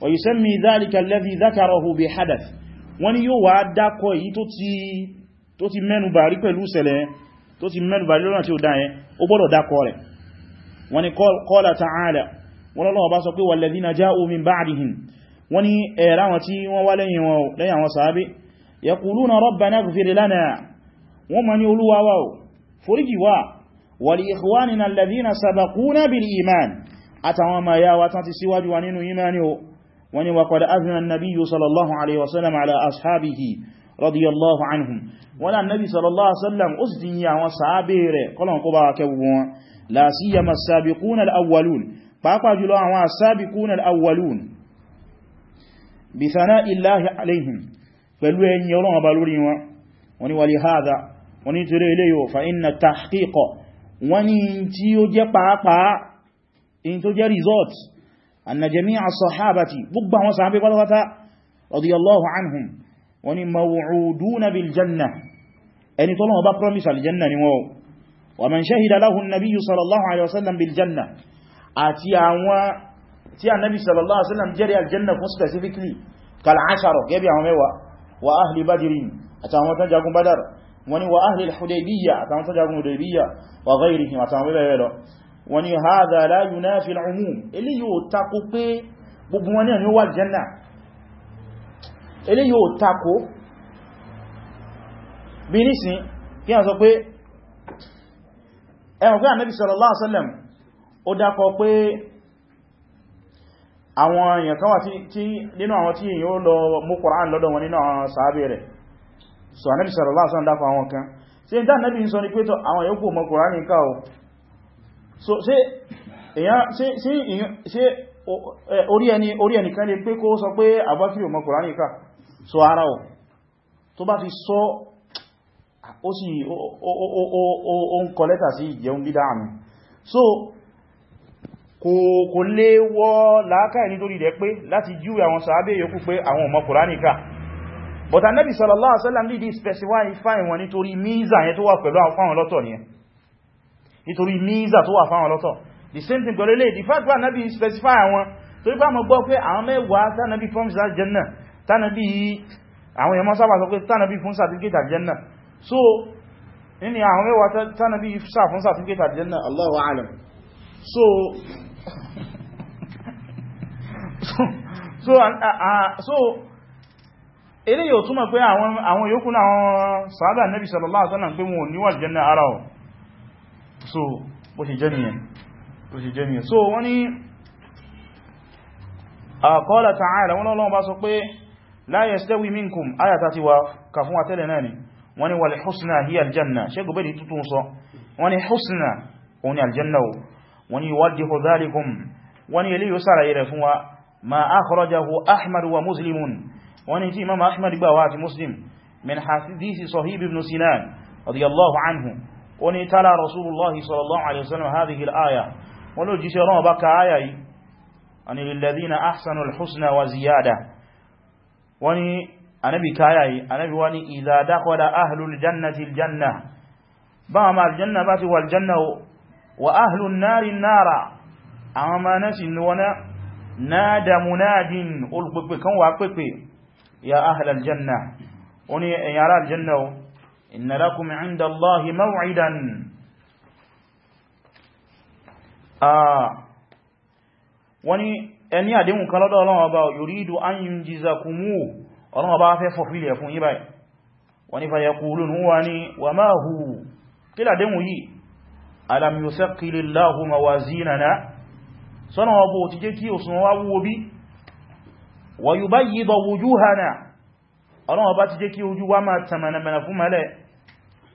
wa yusammi dhalika alladhi dhakarahu bi hadath wọ́n ni yóò wá dákọ̀ èyí tó ti mẹ́nubà rí pẹ̀lú ṣẹlẹ̀ tó ti mẹ́nubà rí lọ́nà tí ó dá yẹn ó gbọ́dọ̀ dákọ̀ rẹ̀ wọ́n ni qala ta'ala wọ́n lọ́wọ́ bá sọ pé walladhina ja'u min ba'dihim wọ́n ni ẹ̀rá wọn tí wọ́n wá lẹ́yìn àwọn sàábé wa tán ti síwájú wa nínú imani o wọ́n ni وقد أذن النبي صلى الله عليه وسلم على أصحابه رضي الله عنهم ولا النبي صلى الله عليه وسلم أسدن يا وصابير قلن قبا كبوان لا سيما السابقون الأولون pàápàá jùlọ àwọn السابقون الأولون بثناء الله عليهم pẹ̀lú ẹni ọlọ́run ọba lórí wọn wọ́n ni ولهذا wọ́n ni torí ilé yóò فإن التحقيق wọ́n ni tí ó jẹ́ pàápàá in tó jẹ́ results أن جميع الصحابة ضبهم صحابي قلغة رضي الله عنهم وني موعودون بالجنة أن طلعوا ببرمس الجنة نمو ومن شهد له النبي صلى الله عليه وسلم بالجنة أتي أنواع تي النبي صلى الله عليه وسلم جري الجنة specifically كالعشرة يبي عميوة وأهل بدر أتعموا تنجاكم بدر وني وأهل الحديبية أتعموا تنجاكم الحديبية وغيرهم أتعموا بيبيلو wọ́n ni hadha la yunafi fi umum eléyìí tako pé gbogbo wọn náà ni ó wà janna eléyìí tako bí nísìn kí a sọ pé ẹwọ̀n salam Ànábì sallallahu alaihi ó dákọ pé àwọn èèyàn kan wà tí nínú àwọn tí èèyàn ó lọ so Ànábì dákọ àwọn kan tí ìdá Ànábì sọ ní pé àwọn yóò so ṣe èyàn ṣe orí ẹni orí ẹni kan lè pé kó sọ pé àbákìrì ọmọ kòránì ká so ara ọ̀ tó bá fi sọ ó sì ó ń kọ lẹ́tà sí ìjẹun dídá àmì so kò lè wọ láákàí nítorí rẹ̀ pé láti júwe àwọn sàábé yòókù pé àwọn ọmọ kòránì ká but anabi sallallahu alaihi wasallam lè dí specify fine wọn nítorí míza yẹn nítorí míza tó wà fáwọn lọ́tọ̀ the same thing pẹ̀lú ilé the fact wà nábi specify àwọn tó rí pàmọ́ gbọ́ pé àwọn mẹ́wàá tánàbí promise láti jẹ́nà tánàbí àwọn èèyàn sábà sọ pé tánàbí fún certificate àti jẹ́nà so nínú àwọn mẹ́wàá tánàbí sà fún certificate àti jẹ́nà Allahu a'lam so so so eléyìí ò túmọ̀ pé àwọn yòókù náà àwọn sàábà nábi sallallahu alaihi wasallam pé wọn ò níwà jẹ́nà ara so bó ṣe jẹ́ nìyẹn bó ṣe jẹ́ nìyẹn so wọ́n ni qala ta'ala wọ́n lọ́wọ́ bá sọ pé la yastawi minkum ayata ti wa kàfún àtẹ́lẹ̀ náà ni wọ́n ni wal husna hiya aljanna ṣe gobe di tutun sọ wọ́n ni husna òun ni aljanna o wọ́n ni yuwaddihu dhalikum wọ́n ni eléyìí sàlàyé rẹ̀ fún wa ma akhrajahu ahmad wa muslimun wọ́n ni tí imam ahmad gbà wa àti muslim min hadisi sahib ibn sinan radiyallahu anhu ó ní tala rasulullahi sallallahu alaihi wasallam hadhihi al-aya wọ́n ló jíṣẹ́ ọlọ́wọ́ bá ka aya yìí a ni lilladhina ahsanu al-husna wa ziyada wọ́n ni anabi ka aya yìí anabi wani idha dakhala ahlul jannati al-janna ba ma al-janna ba ti wal janna wa ahlun nari nara àwọn ma na si wana nada munadin olùpẹ̀pẹ̀ kan wà pẹ̀pẹ̀ ya ahlal janna wọ́n ni ẹ̀yàrá al-janna إن لكم عند الله موعدا wọ́n ni ẹni àdéhùn kan lọ́dọ̀ ọlọ́wọ́ bá yuridu an yunjizakumu ọlọ́wọ́ bá fẹ́ fọ̀fílẹ̀ fún yí báyìí wọ́n ni fayakulun wọ́n ni wa ma hu kí làdéhùn yìí alam yusaqqilillahu mawazinana sọ́nà ọbọ̀ ti jẹ́ kí òsùn wá wúwo bí wa yubayyida wujuhana ọlọ́wọ́ bá ti jẹ́ kí ojú wá máa tàmànàmànà fún mẹ́lẹ̀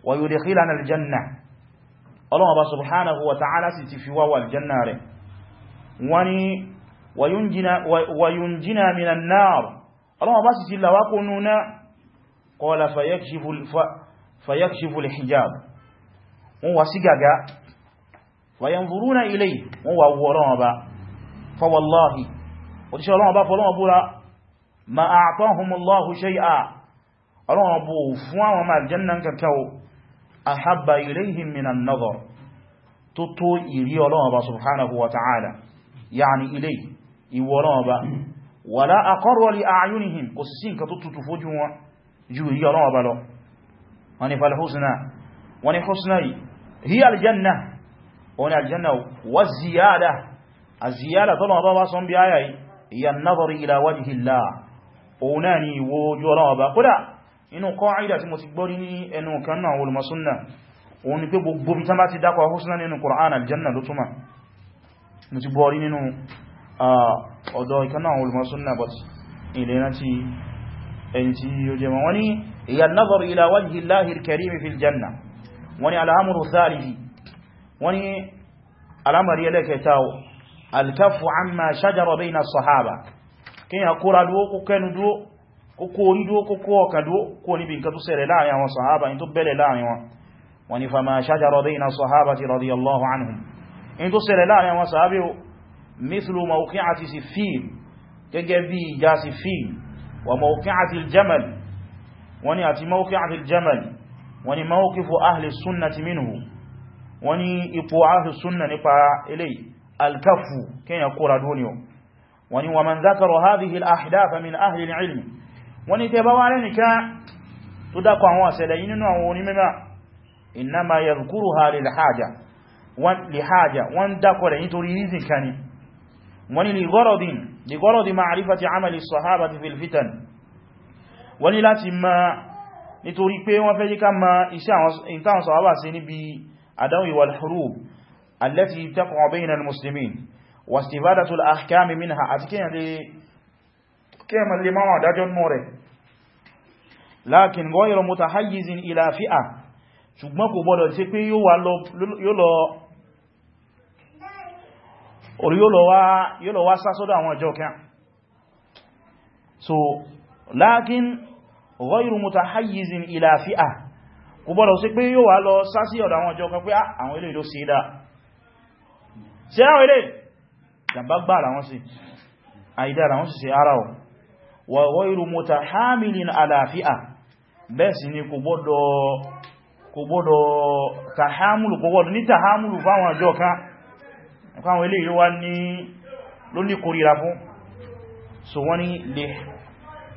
wa yudkhilana aljanna ọlọ́wọ́ bá subhanahu wa ta'ala sì ti fi wáwà aljanna rẹ̀ wani wa yunjina minan nar ọlọ́wọ́ bá sì ti lawákó nuna qala fayakshifu alhijab wọ́n wá sí gàgá fayanzuruna ilay wọ́n wá wọ́rọ̀ ba fawallahi ahabba ilayhim minan nadhar tó tó ìrí Ọlọ́run Ọba subhanahu wa ta'ala ya'ni ilé ìwọ Ọlọ́run Ọba wala aqarra li a'yunihim kò sí nǹkan tó tutù fojú wọn ju ìrí Ọlọ́run Ọba lọ wani fal husna wani husna inú kọ́ìdà tí mo ti gbọ́rí ní ẹnu kan náà wọlùmọ̀ súnnà òun ni pé gbogbo bí tán bá ti dákọ̀ húsùnà nínú Qur'an aljanna ló túnmà mo ti gbọ́rí nínú ọ̀dọ̀ ìkan náà wọlùmọ̀ súnnà but ilẹ̀ na ti ẹni tí yóò jẹ wọn ni ìyà nazar ila wajhi Allahi al kókó orí dúó kókó ọkà dúó kó níbi nǹkan tó ṣẹlẹ̀ láàrin àwọn sọ̀hábà ní tó bẹ̀lẹ̀ láàrin wọn wọ́n ni fa ma shajara bayna sahabati radiyallahu anhum in tó ṣẹlẹ̀ láàrin àwọn sọ̀hábà mithlu mawqi'ati siffin gẹ́gẹ́ bí ìjà siffin wa mawqi'ati al-jamal wọ́n ni àti mawqi'ati al-jamal wọ́n ni mawqifu ahli sunnati minhu wọ́n ni ipò man dhakara hadhihi al-ahdafa min ahli al-ilm wọ́n ní tẹ́ bá wá rẹ́nìká tó dákọ̀ àwọn àṣẹlẹ̀ yìí nínú àwọn onímẹ́mà innama yadhkuruha lil haja li haja wọ́n dákọ̀ rẹ̀ nítorí reason kan ni wọ́n ní li gharadi ma'rifati amali sahabati fil fitan wọ́n ní láti ma nítorí pé wọ́n fẹ́ jíká ma iṣẹ́ lè máwọn adájọ́ mọ́ rẹ̀ lakin ghayra mutahayyizin ila fi'a ṣùgbọ́n kò bọ́dọ̀ ṣe pé yóò lọ wá sásọ́dọ̀ àwọn ọjọ́ kẹ́ so lakin ghayra mutahayyizin ila fi'a kò bọ́dọ̀ ṣe pé yóò wá lọ sásí ọ̀dọ̀ àwọn ọjọ́ kan pé ah, àwọn ilé ìlú sí dáa ṣe àwọn ilé jàmbá gbà ara wọn wa ghayru mutahamilin ala fi'a bẹ́ẹ̀ ni kò gbọ́dọ̀ kò gbọ́dọ̀ tàhámùlù kò gbọ́dọ̀ ní tàhámùlù fáwọn àjọ kan fáwọn ilé ìwá ní ló ní kòrìra fún so wọ́n ni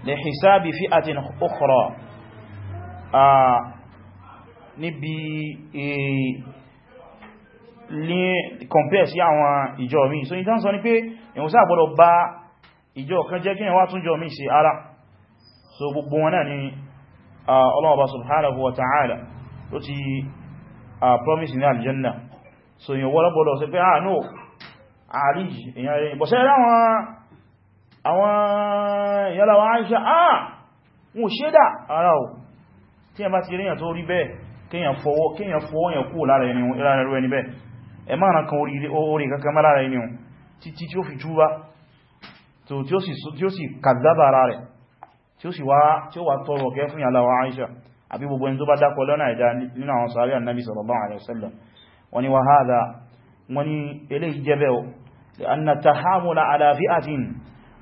lè hisabi fi àti ukhra níbi ní e, compare sí àwọn ìjọ mi so ní tán sọ ní pé ìwọ̀nsá gbọ́dọ̀ bá ìjọ kan jẹ́ kí ni wá tún jọ mi ṣe ara so gbogbo wọn náà ni Ah, ọlọ́ọ̀bá subhanahu wa ta'ala ló ti ah, promise ní aljanna so yíò wọ́n gbọ́dọ̀ sí pé ah no àrí èyàn rẹ̀ ìbọ̀sẹ̀ àwọn ìyálàwà Aisha ah wọ́n ṣe dà ara o tí ẹ bá ti ríyàn tó rí bẹ́ẹ̀ kíyàn fọwọ́ yẹn kú lára ẹni bẹ́ẹ̀ tí ó sì wá tí ó wà tọrọ kẹ fún yàlá wa Aisha àbí gbogbo ẹni tó bá dákọ lọ́nà ìdá nínú àwọn sàárì annabi sallallahu alaihi wasallam wani wa hadha wani eléyìí jẹ́bẹ̀ o lè anna tahamula ala fi'atin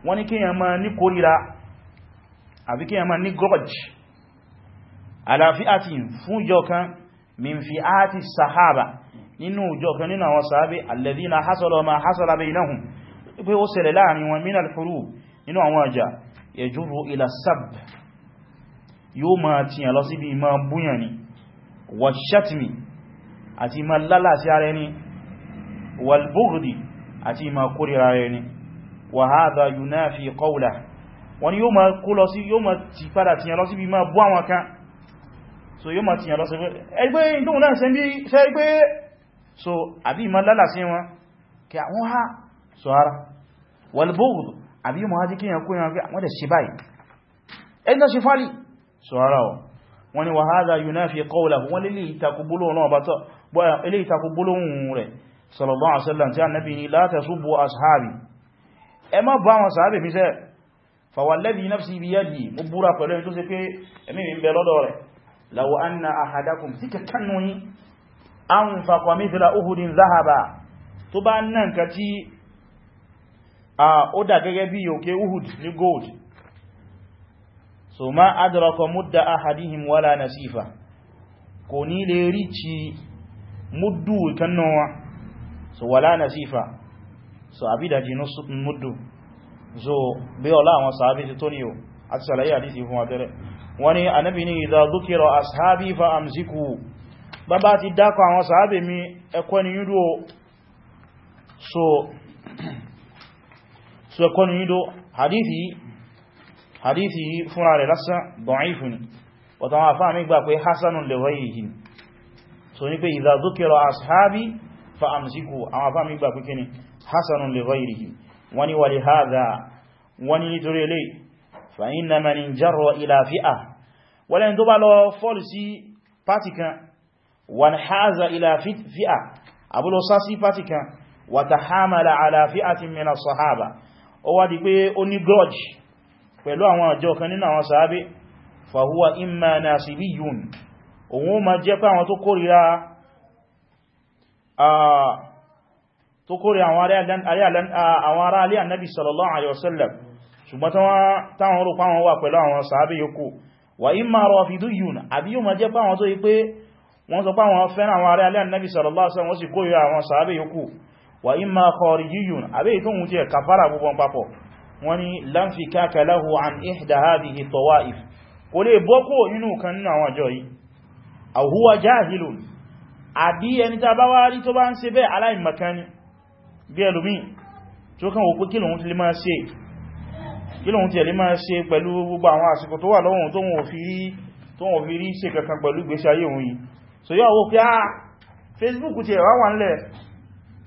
wani kíyàn ma ní kórira àbí kíyàn ma ní gọ́j ala fi'atin fún ìjọ kan min fi'ati sahaba nínú ìjọ kan nínú ó ṣẹlẹ̀ láàrin wọn min al nínú àwọn ọjà yajuru ila sab yóò máa tíyàn lọ síbi ma búyàn ni wa shatmi àti ma lálàsí ara ẹni wal bughdi àti ma kórìíra ara ẹni wa hadha yunafi qawla wọ́n yóò máa kó lọ sí yóò máa ti padà tíyàn lọ síbi ma bú àwọn kan so yóò máa tíyàn lọ síbi ẹgbẹ́ ìdóhun náà sẹ́ ẹgbẹ́ so àbí ma lálàsí wọn kí àwọn ha so ara wal bughdi àbí mọ̀ ájí kíyàn kó ìrànwọ́ wọ́n dẹ̀ ṣe báyìí ẹ̀dá ṣe fálì sọ́rọ̀ wọn ni wàhálà yunafi qawlahu wọn lè ìtakò gbólóhùn rẹ̀ sallallahu alaihi wasallam tí annabi ni la tasubbu ashabi ẹ má bá wọn sàábì fi sẹ́ fawalladhi nafsi biyadihi rẹ̀ law tó bá nǹkan tí Ah, ó dà gẹ́gẹ́ bí òkè Uhud ní gold so ma adraka mudda ahadihim wala nasifa kò ní lè rí ci muddu ìkannáwa so wala nasifa so àbídàjì muddu so bí ọlá àwọn sàábí ti tó ní o àti sàlàyé àdísì fún àtẹ́rẹ wani anábi ni idha dhukira ashabi fa amsiku bàbá ti dákọ àwọn sàábí mi ẹkọ́ ni yúdó so so ẹ̀kọ́ ni yído hadithi hadithi fúnra rẹ̀ lásán da'if ni wàtàwọn àfáà mi gbà pé hasanun li ghayrihi so ní pé idha dhukira ashabi fa amsiku àwọn àfáà mi gbà pé kíni hasanun li ghayrihi wani wa li hadha wani nítorí ilé fa inna man jarra ila fi'a ó wá di pé ó ní grudge pẹ̀lú àwọn àjọ kan nínú àwọn sàábé fahuwa imma nasibiyun òun ó ma jẹ́ pé àwọn tó kórìíra tó kórìíra àwọn ará alẹ́ annabi sallallahu alaihi wasallam ṣùgbọ́n táwọn rò páwọn wà pẹ̀lú àwọn sàábé yòókù wa imma rafidiyun àbí yóò ma jẹ́ pé àwọn tó yí pé wọ́n sọ pé àwọn fẹ́ràn àwọn ará wa imma kharijiyun àbí ìtún ti kàfàrà gbogbo papọ̀ wọ́n ni láti káàkà lahu an ihda hadhihi tawa'if kò lè bọ́kò nínú kan nínú àwọn àjọ yìí aw huwa jahilun àbí ẹni tá bá wá rí tó bá ń ṣe bẹ́ aláìmakani bí ẹlùmí tí ó kàn wò pé kí lòun ti lè máa ṣe kí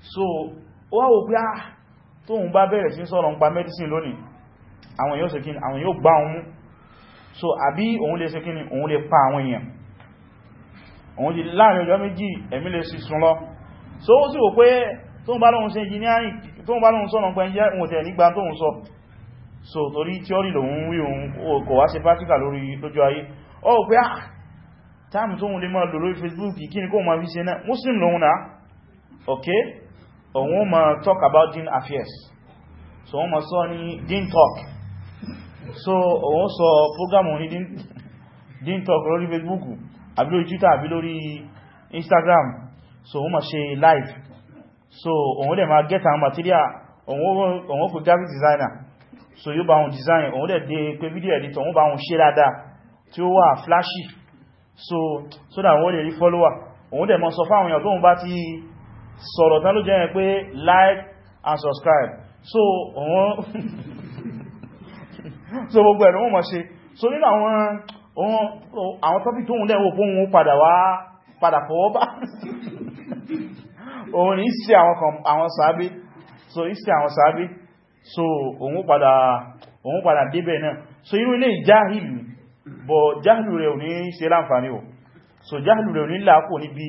so ó wá wò pé ah tóun bá bẹ̀rẹ̀ sí sọ̀rọ̀ ń pa medicine lónìí àwọn yóò ṣe kíni àwọn yóò gbá òun so àbí òun lè ṣe kíni òun lè pa àwọn èèyàn òun ti láàrin ọjọ́ méjì ẹ̀mí lè sì sún lọ so ó sì wò pé tóun bá lóun ṣe engineering tóun bá lóun sọ̀rọ̀ ń pa so torí tíọ́rì lòun wí òun kò wá ṣe practical lórí ah táàmù tóun lè máa Facebook kí ni kó Muslim lòun okay so wọ́n ma talk about din affairs so wọ́n ma sọ ní din talk so wọ́n sọ program ní din talk lórí facebook àbí lórí twitter àbí lórí instagram so wọ́n ma ṣe live so òun dẹ̀ ma get our material òun pè graphic designer so yóò bá wọn design òun dẹ̀ dé pé video editor wọ́n bá wọn ṣe dáadáa tí ó wà flashy so so that wọ́n lè rí follower òun dẹ̀ ma sọ fáwọn èèyàn tó wọ́n bá ti sọ̀rọ̀ tán ló jẹ́ pé like and subscribe so wọ́n so gbogbo ẹ̀rọ wọ́n mọ̀ ṣe so nínú àwọn topic tó ń lẹ́wọ́ fún òun padà wá padà fọwọ́ bá òun ní sí àwọn sàábí so ìsí àwọn sàábí so òun padà òun padà débẹ̀ náà so irú ilé ìjáhìlù bọ̀ jáhìlù rẹ̀ ò ní ṣe láǹfààní ò so jáhìlù rẹ̀ ò ní làákò níbi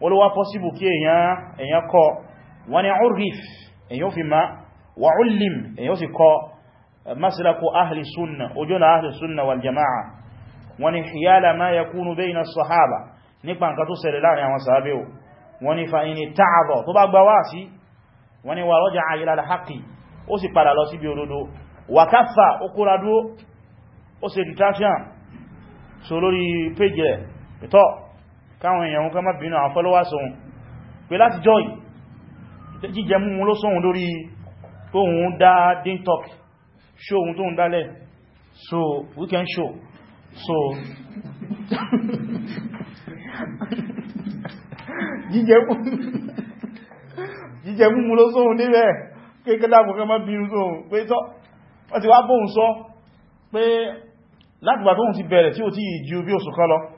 wọ́n ló wá pọ́síbù kí èyàn kọ wọ́n ni urif èyàn fi ma wà ulim èyàn sì kọ masalaku ahli sunna ojú na ahli sunna wal jama'a wọ́n ni hiyala ma yakunu bayna sahaba nípa nǹkan tó ṣẹlẹ̀ láàrin àwọn sàábé o wọ́n ni fa ini ta'adọ̀ tó bá gba wá sí wọ́n ni káwọn èèyàn kan má bínú àwọn fọ́lọ́wà sóhun pé láti jọ́ jíjẹ mú ló sóhun lórí tóhun dá dintok ṣóhun tóhun dálẹ̀ so weekend show so jíjẹ mú ló sóhun níbẹ̀ kékeré kan má bínú sóhun pé tọ́ wọ́n ti wá bóhun sọ pé látìgbà tóhun ti bẹ̀rẹ̀ tí ó ti ju bí oṣù kan lọ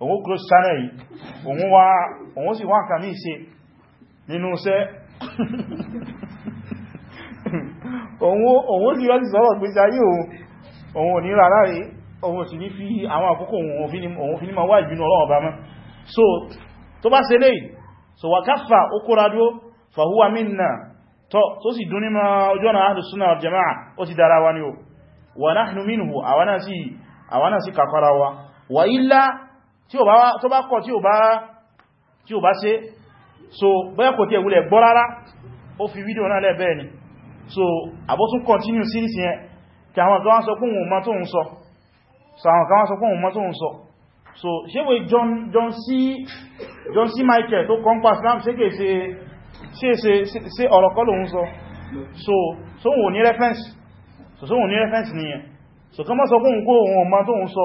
òun kúrò sánà yìí òun sì wá kàmí ìse nínú iṣẹ́ òun sì rọ́ sí sọ́rọ̀ pé sáyé òun òun ní rárá rí òun sì ní fi àwọn àkókò òun fi ní ma wá ìbínú ọlọ́wọ̀ bá mọ́ so tó bá so wà káfà ó minna tó sì dún níma ojú ọ̀nà ahlu sunna wal jama'a ó ti dára wa ni ó wà náà sí kàkọ́ra wa wà illa tó bá kọ̀ tí ò bá ṣe so bẹ́ẹ̀ kò tí ẹ̀ wulẹ̀ gbọ́ rárá ó fi fídíò náà lẹ́bẹ̀ẹ́ ni so àbótún continue series yẹn tí àwọn kan sọ pé òun tó ń sọ so àwọn kan sọ pé òun tó ń sọ so ṣéwé John, John, C, John C. Michael tó kọ́ ń pa Islam ṣe kèé ṣe ọ̀rọ̀ kọ́ lòun sọ so so wọ́n ní so so wọ́n ní so kọ́ mọ́ sọ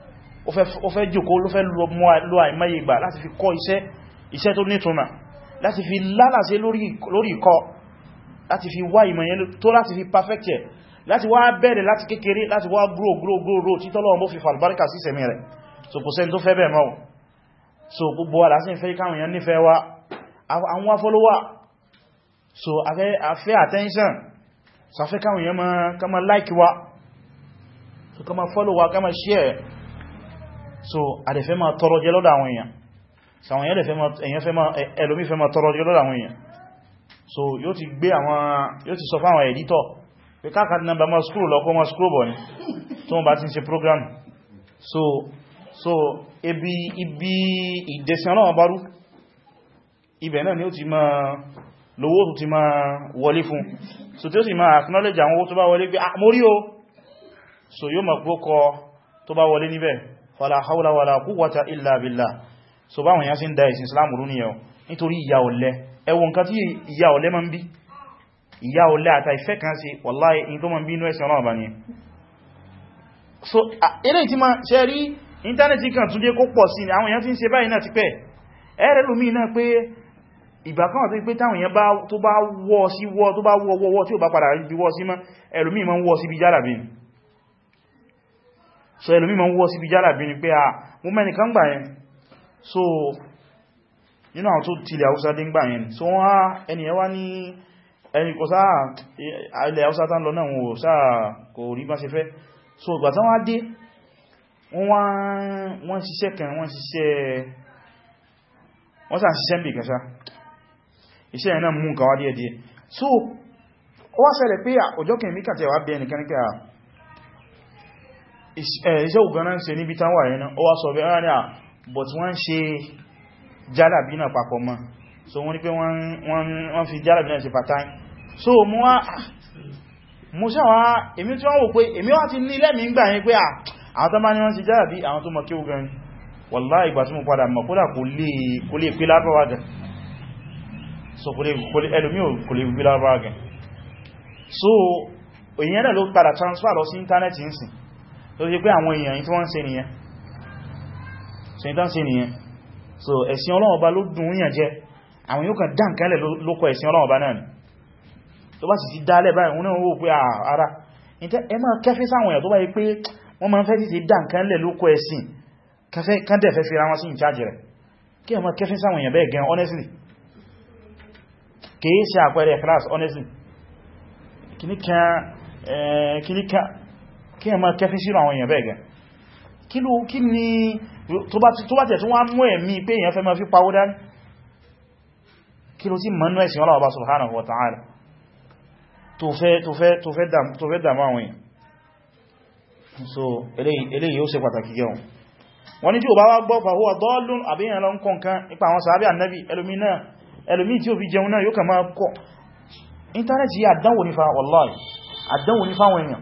ó fẹ́ jòkó ló fẹ́ lo àìmáyé ìgbà láti fi kọ́ iṣẹ́ iṣẹ́ tó nítumà láti fi lálàsẹ́ lórí ikọ́ láti fi wá ìmọ̀yẹ tó láti fi perfect ẹ̀ láti wá bẹ̀rẹ̀ láti kékeré láti wá grow grow grow grow títọ́ lọ́wọ́ bó fi falbarka sí sẹ̀mí rẹ̀ so kò sẹ́ni tó fẹ́ bẹ̀ mọ́ so gbogbo wa lásìn fẹ́ káwọn èèyàn nífẹ́ wa àwọn afọ́lówà so afẹ́ attention so afẹ́ káwọn èèyàn kama like wa so kama follow wa kama share so àdẹ̀fẹ́ ma tọrọ jẹ lọ́dọ̀ àwọn èèyàn sàwọn ẹlòmí fẹ́ ma tọrọ jẹ lọ́dọ̀ àwọn èèyàn so yóò ti gbé àwọn yóò ti sọ fún àwọn editor pé káàkiri nàbà ma scroll lọ kó ma scroll bọ̀ ní tó wọ́n bá ti ń ṣe program so so ebi ibi ìdẹ̀sìn ọlọ́wọ́ bá rú ibẹ̀ náà ni ó ti ma lówó tó ti ma wọlé fún so tí ó sì ma acknowledge àwọn owó tó bá wọlé pé ah mo rí o so yóò ma gbókọ tó bá wọlé níbẹ̀ fala haula wala quwwata illa billah so báwọn èèyàn sí ń da ìsìn islam rú nìyẹn nítorí ìyà ọ̀lẹ ẹwọ nǹkan tí ìyà ọ̀lẹ ma ń bí ìyà ọ̀lẹ àta ìfẹ́ kan sí wallahi in so eré tí ma ṣe rí íntánẹ̀tì kan tún jẹ́ kó pọ̀ sí ni àwọn èèyàn ti ń ṣe báyìí náà ti pẹ́ ẹ̀rẹ́ lómi náà pé ìgbà kan àti pé táwọn èèyàn tó bá wọ́ sí wọ́ so ẹlòmí ma ń wọ́ síbi jálàbí ni pé a ah, mú mẹ́ni kan gbà yẹn so nínú àwọn tó tilẹ̀ haúsá dé ń gbà yẹn so wọ́n á ẹni ẹwà ní ẹni kò sáà ilẹ̀ haúsá tán lọ náà wọ́n sáà kò rí bá ṣe fẹ́ so ìgbà tán wá dé wọ́n ṣiṣẹ́ kan wọ́n ṣiṣẹ́ wọ́n sáà ṣiṣẹ́ ń bì kan so ó wá ṣẹlẹ̀ pé ah, ọjọ́ kẹ̀mí kàtẹ̀ wá iṣẹ́ òganá eh, ń ṣe níbi tán wà yẹn ó wá sọ bẹ́ rárá ah, but wọ́n ṣe jálàbí náà papọ̀ mọ́ so wọ́n ni pé wọ́n fi jálàbí náà ṣe pàtàkì so mú ah, wá èmi tí wọ́n wò pé èmi wá ti ní lẹ́mí gbà yẹn pé ah, àwọn tó bá ní wọ́n ti jálàbí àwọn tó mọ̀ kí ó gan ìgbà tí mo padà mọ̀ kódà lè gan so ò kò lè gan so ló padà transfer lọ sí ń sìn tó ṣe pé àwọn èèyàn yìí tí wọ́n ń ṣe nìyẹn so yìí tán ṣe nìyẹn so ẹ̀sìn Ọlọ́run Ọba ló dùn yàn jẹ àwọn yóò kàn dáǹkálẹ̀ lókọ ẹ̀sìn Ọlọ́run Ọba náà ni tó bá sì sí dálẹ̀ báyìí wọn náà wò pé ah, ara ẹ máa kẹfẹ́ sáwọn èèyàn tó bá yí pé wọ́n máa ń fẹ́ títí dáǹkálẹ̀ lókọ ẹ̀sìn kan dẹ̀ fẹ́ fira wọn sí ìchájì rẹ̀ kí ẹ máa kẹfẹ́ sáwọn èèyàn bẹ́ẹ̀ kìí ṣe àpẹẹrẹ class honestly kìníkà kí ẹ máa kẹfí sírò àwọn èèyàn bẹ́ẹ̀ gẹn kí ló kí ni tó bá tẹ̀ tó wá mú ẹ̀mí pé èèyàn fẹ́ máa fi pawó dání kí ló tí mọ́nú ẹ̀sìn ọlọ́ọ̀bá subhanahu wa ta'ala tó fẹ́ dàmú àwọn èèyàn so eléyìí ó ṣe pàtàkì gẹun wọ́n ní tí ó bá wá gbọ́ fàhúwà dọ́ọ̀lún àbíyàn lọ ń kọ nǹkan ipa àwọn sàábí ànábì ẹlòmí tí ó fi jẹun náà yóò kà máa kọ́ ìntánẹ́tì yí àdánwò èèyàn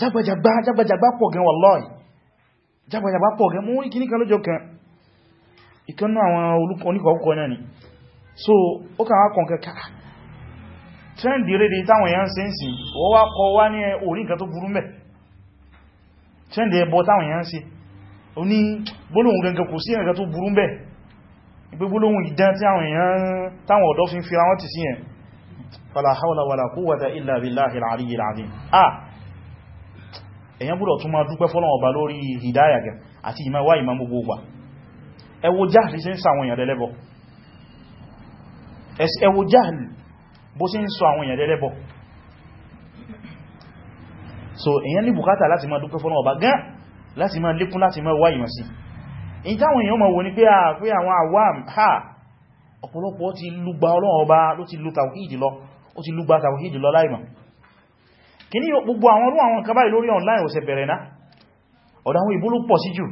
jágbàjàgbà jágbàjàgbà pọ̀ gan wallahi jágbàjàgbà pọ̀ gan mú kí níkan lójọ kan ìkanná àwọn olùkọ́ oníkọ̀ọ́kọ́ náà ni so ó kàwà kan kẹkàá trẹ́ndì rẹ̀ táwọn èèyàn ṣe ń sí wọ́n wá kọ wá ní orí nǹkan tó burú mẹ́ trẹ́ndì ẹbọ táwọn èèyàn ṣe o ní gbólóhùn gangan kò sí nǹkan tó burú mẹ́ ipé gbólóhùn ìdán táwọn ọ̀dọ́ fi ń fi àwọn ah èyàn búrọ̀ tún máa dúpẹ́ fọ́lọ́wọ́ bá lórí hidaya gẹ̀ àti ìmẹ́ wá ìmẹ́ gbogbo wà ẹwọ jáàlì sí ń sọ àwọn èèyàn dẹ́lẹ́bọ̀ ẹwọ jáàlì bó sí ń sọ àwọn èèyàn dẹ́lẹ́bọ̀ so èyàn ní bùkátà láti máa dúpẹ́ fọ́lọ́wọ́ bá gán láti máa lékún láti máa wá ìmọ̀ sí in táwọn èèyàn mọ̀ wò ní pé àwọn àwàm ha ọ̀pọ̀lọpọ̀ ti lúgba Ọlọ́run ọba ló ti lú tàwíìdì lọ ó ti lúgba tàwíìdì lọ láìmọ̀ kí ní gbogbo àwọn orú àwọn kaba ìlórí online òsẹ̀ bẹ̀rẹ̀ náà ọ̀dọ̀ àwọn ìbúlú pọ̀ sí jù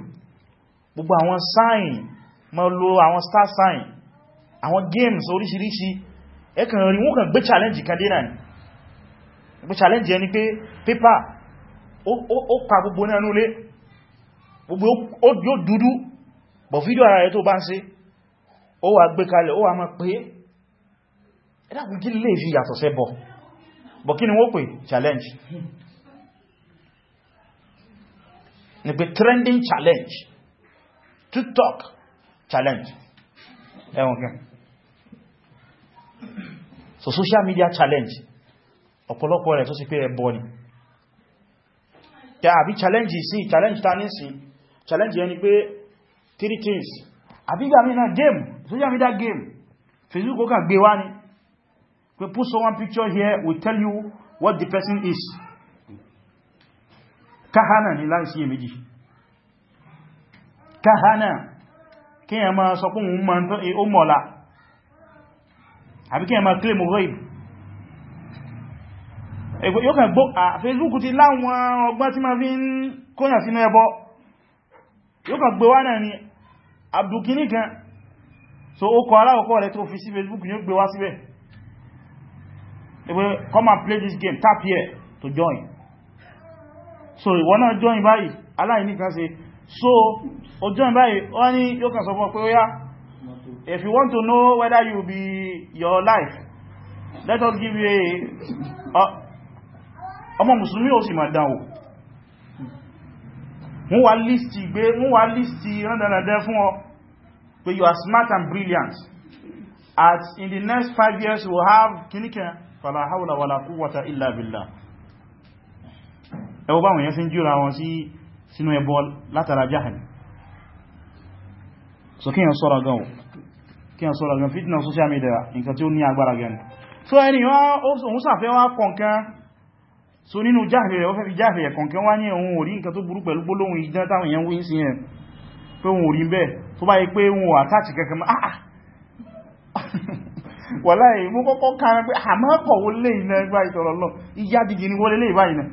gbogbo àwọn sign ma lo àwọn star sign àwọn games oríṣiríṣi ẹkàn rí wọ́n kàn gbé challenge kan dé náà ni gbé challenge ẹni pé pépà ó pa gbogbo náà nulé gbogbo ó yóò dúdú bọ̀ fídíò ara rẹ̀ tó bá ń ṣe ó wà gbé kalẹ̀ ó wà máa pé ẹ̀dàkùn kí lè fi yàtọ̀ sẹ́bọ̀ bọ̀ kí ni wó pè challenge ni pé trending challenge to talk challenge ẹwọ̀n kẹ́ so social media challenge ọ̀pọ̀lọpọ̀ rẹ̀ tó sì pé ẹbọ ni tàbí challenge sí challenge ta ní sí challenge ẹni pé three things àbígbà mìíràn game social media game Facebook ó kàn gbé wá ní We put someone picture here, we tell you what the person is. Kahana ni láì èméjì. Kahana kí ẹ máa sọ fún òun máa eh, ó mọ̀lá. Àbí kí ẹ máa claim ghaib. Yóò kàn gbó, Facebook ti láwọn ọgbọ́n tí máa fi ń kóyàn sínú ẹbọ. Yóò kàn gbé wá náà ni Abdulkini kan. So ó kọ aláwọ̀kọ́ rẹ̀ tó fi sí Facebook ni ó gbé wá síbẹ̀ pé come and play this game tap here to join so ìwọ náà join báyìí aláìní kan ṣe so o join báyìí ó ní yóò kàn sọ fún pé ó if you want to know whether you be your life let us give you a ọmọ mùsùlùmí ó sì máa dánwò wọ́n wá lístì gbé wọ́n wá lístì rándánadẹ́ fún ọ pé you are smart and brilliant at in the next five years you will have kìníkẹ́ fala hawla wala quwwata illa billah ẹwọ báwọn yẹn sí ń jíra wọn sí sínú ẹbọ látara jahil so kíyàn sọ́ra gan o kíyàn sọ́ra gan fitna social media nǹkan tí ó ní agbára gan so ẹni òun sàfẹ́ wá kọ̀nkan so nínú jahil rẹ̀ ó fẹ́ fi jahil rẹ̀ kọ̀nkan wá ní òun orí nǹkan tó burú pẹ̀lú gbólóhùn ìdán táwọn wala mú kọ́kọ́ kára pé àmọ́pọ̀ wó lè iná ẹgbà ìtọ̀rọ̀ lọ ìyá dìgì ní wọlé lè báyìí náà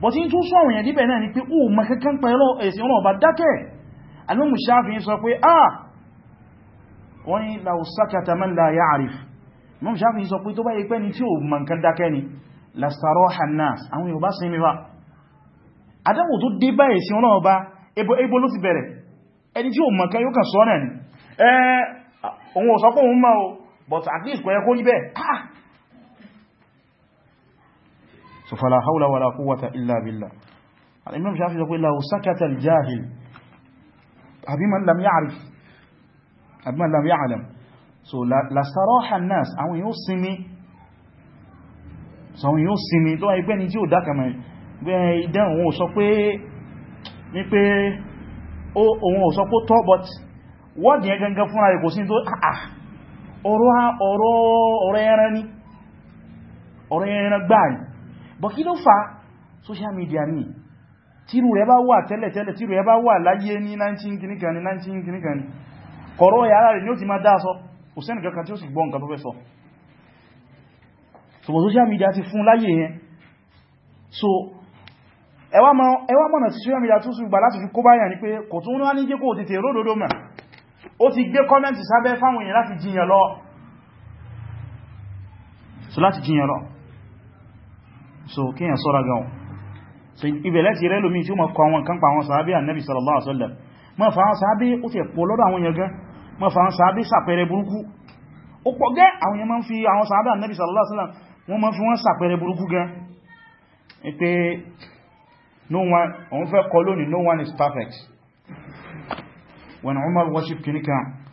bọ̀ tí tún náà ni pé ó kankan ọba sọ pé à ah! wọ́n ni law sakata man la ya'rif mọ́mù sáfihàn sọ pé tó bá yẹ ni tí ó ni bá sin mi adáwò tó ebo ló ti ẹni tí ó sọ náà ni but at least kò yẹ kó rí bẹ́ẹ̀ ah so fala haula wala quwwata illa billah al-imam shafi sọ pé law sakata al-jahil abi man lam ya'rif abi man lam ya'lam so la saraha an-nas àwọn yóò sinmi so àwọn yóò sinmi tó wáyé pé ní tí ó dákà mẹ́ gbẹ́ idán òun ò sọ pé ní pé òun ò sọ pé tọ́ but wọ́n dìyẹn gangan fúnra rẹ̀ kò sí tó ah, ah. ọ̀rọ̀ ha ọrụ ọ̀rọ̀ ẹran gbáà kí ló fa social media tí tírù rẹ bá wà tí tírù rẹ bá wà láyé ní 19 kìníkàní 19 kìníkàní kọ̀rọ̀ rẹ̀ ni ó ti máa dáa sọ òsẹ́nì tí ó sì ẹwà mọ̀nà social media tún láti fi kó ní pé kò tún ní jẹ́ tètè ó ti gbé kọ́mẹ́ntì sábẹ́ fáwọn èèyàn láti jiyàn lọ so láti jiyàn lọ so kíyàn sọ́ra gan so ibẹ̀lẹ́ ti rẹ́ lómi tí ó mọ̀ kọ àwọn kan pa àwọn sàábí ànẹ́bì sallallahu alaihi wasallam mọ́ fa àwọn sàábí ó ti pọ̀ lọ́dọ̀ àwọn èèyàn gan mọ́ fa àwọn sàábí sàpẹrẹ burúkú ó pọ̀ sallallahu alaihi wasallam wọ́n máa ń fi wọ́n no one òun fẹ́ kọ no one is perfect when Umar worship kìníkà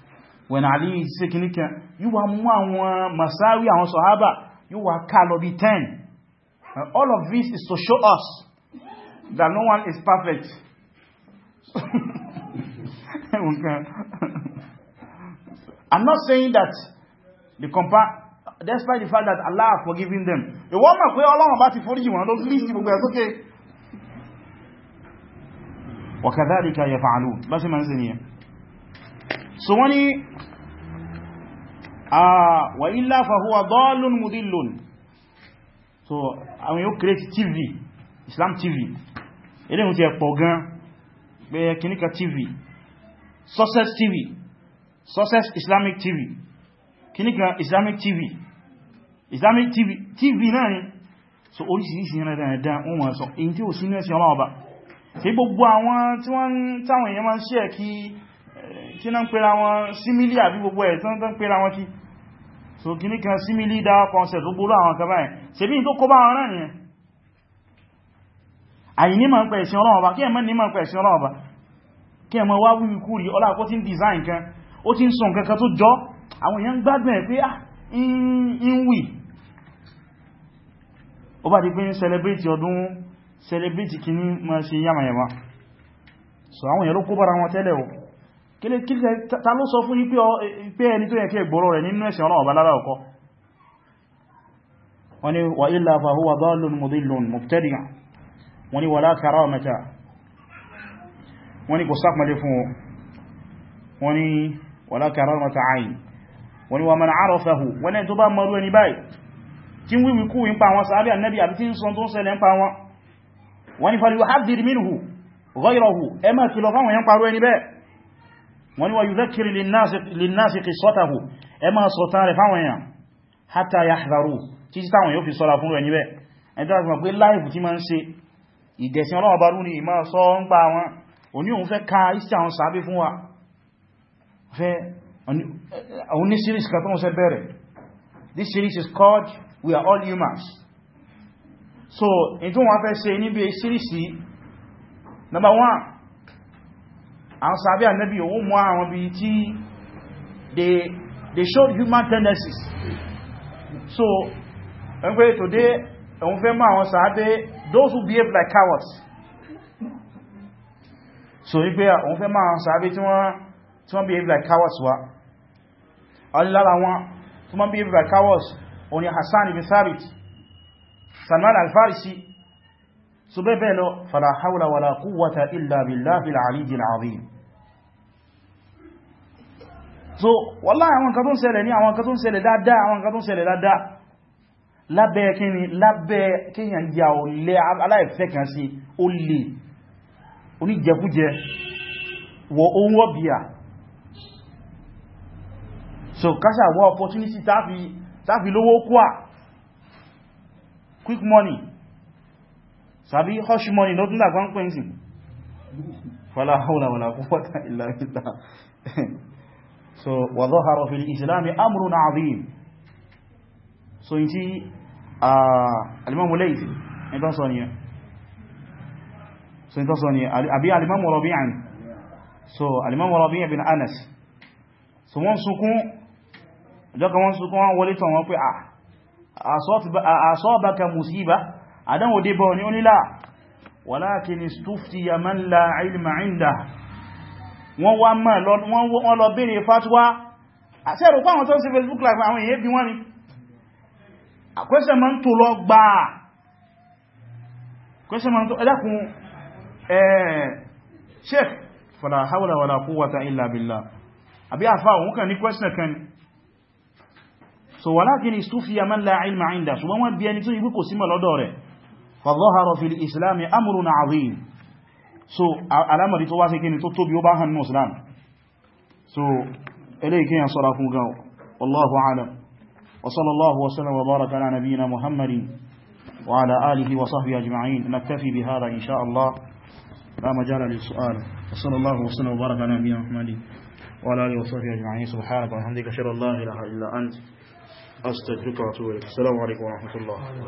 when Ali is kìníkà you wà mú àwọn masáwí àwọn sọ̀hábà yíò wà You lọ bí 10 and all of this is to show us that no one is perfect [laughs] I'm not saying that the compa despite the fact that Allah has forgiven them ìwọ mọ̀ pé Ọlọ́run bá ti foríjì wọn ló lísì gbogbo Okay. وكذلك يفعلون بس ما نزل so wọ́n ni ah, wa illa fahuwa dallun mudillun so àwọn yóò create tv islam tv ilé mú ti ẹ̀pọ̀ gan pé tv success tv success islamic tv kìníkà islamic tv islamic tv tv náà ni so oríṣiríṣi yẹn dáadáa wọ́n ma sọ èyí tí ò sínú ẹ̀sìn ọlọ́ọ̀bá tí gbogbo àwọn tí wọ́n táwọn èèyàn máa ń ṣe kí kí náà ń pèrà wọn símílì àbí gbogbo ẹ̀ tán tán pèrà wọn kí so kí ní kan símílì dá concept tó gbóró àwọn kaba ẹ̀ ṣe bí tó kó bá wọn náà nìyẹn àyí ní ma ń pẹ̀ ẹ̀sìn ọlọ́wọ́ kí ẹ̀mọ́ ní ma ń pẹ̀ ẹ̀sìn ọlọ́wọ́ kí ẹ̀mọ́ wá wí ikú rí ọlá kó ti ń design kan ó ti ń sọ nǹkan kan tó jọ àwọn èèyàn gbádùn ẹ̀ pé ah ń wì ó bá di pé ń celebrate ọdún celebrate kìíní ma ṣe yàmàyàmà so àwọn èèyàn ló kó bára wọn tẹ́lẹ̀ o ta ló sọ fún yí eh, eh, pé ẹni tó yẹ kí ẹgbọ́rọ̀ rẹ̀ nínú ẹ̀sìn ọlọ́wọ̀ bá lára ọkọ́ wọ́n ni wà ilá fàhúwà dhalun mudillun mubtadi' wọ́n ni wà látara ọmọta wọ́n ni kò sápmàlé fún wọ́n ni wà látara ọmọta ayin wọ́n ni wà man arafahu wọ́n ni tó bá mọ́rú ẹni báyìí tí wíwí fáwọn yẹn parú ẹni bẹ́ẹ̀ wọ́n ni wà yudhakkiri linnasi qissatahu ẹ máa sọ̀tán rẹ̀ fáwọn èèyàn hatta yahdharu títí táwọn yóò fi sọ́ra fún rẹ̀ níbẹ̀ ẹjọ́ àti mọ̀ pé láìfù tí máa ń ṣe ìdẹ̀sìn ọlọ́wọ́ bá rú ni ìmá sọ this series is called we are all humans so in tó wọ́n fẹ́ ṣe number one àwọn sàbí ànẹ́bí òun mọ́ àwọn bí tí they show human tendencies so ẹn pé today òun fẹ́ mọ́ àwọn sàábé those who behave like cowards so wípé òun fẹ́ mọ́ àwọn sàábé tí wọ́n behave like cowards wá ọlọ́lára wọn tí wọ́n behave like cowards òun ni Hassan ibn Thabit Salman al-Farisi so bẹ́ẹ̀ bẹ́ẹ̀ lọ fala hawla wala quwwata illa billahil aliyyil azim so wallahi àwọn kan tó ń ṣẹlẹ̀ ní àwọn kan tó ń ṣẹlẹ̀ dáadáa àwọn kan tó ń ṣẹlẹ̀ dáadáa lábẹ́ kíni lábẹ́ kíyàn ya olè aláìfẹ́ kan sí olè oníjẹkújẹ wọ ohun ọ̀bíà so kásà wọ opportunity táfi lówó kwà quick money sàbí hushmoni ló túnlà kan pín sí fala hawla wala quwwata illa billah [laughs] so wa dhahara fil islam amrun azim so yin tí alimamu laifi ìtàn sọ ni eh? so ìtàn sọ ni àbí alimamu rabi'an so alimamu rabi'an bin anas so wọ́n sunkún jọ́ka wọ́n sunkún wọ́n wọlé tàn wọ́n pé àṣọ́baka ah, musiba àdánwò débọ̀ ní onílà walakin istuftiya man la ilma indah wọ́n wá mọ́ wọ́n lọ bèèrè fatwa àti ẹ̀rù pàwọn tó ń ṣe facebook live àwọn èyẹ́ bí wọ́n ni àkwẹ́sẹ̀ ma ń tó lọ gbà kwẹ́sẹ̀ ma ń tó ẹ̀dàkùn sheikh fala hawla wala quwwata illa billah àbí àfáà òun kàn ní kwẹ́sẹ̀ kan so walakin istuftiya man la ilma indah ṣùgbọ́n wọ́n bí ẹni tó yí pé kò símọ̀ lọ́dọ̀ فظهر في الإسلام أمر عظيم سو علامة تواسي كيني تطوب يباها المسلم سو إليك يا صرافو جو والله عالم وصلى الله وسلم وبارك على نبينا محمد وعلى آله وصحبه أجمعين نكتفي بهذا إن شاء الله لا مجال للسؤال وصلى الله وسلم وبارك على نبينا محمد وعلى آله وصحبه أجمعين سبحانك والحمدك شر الله إلا أنت أستجدك وأتوبك السلام عليكم ورحمة الله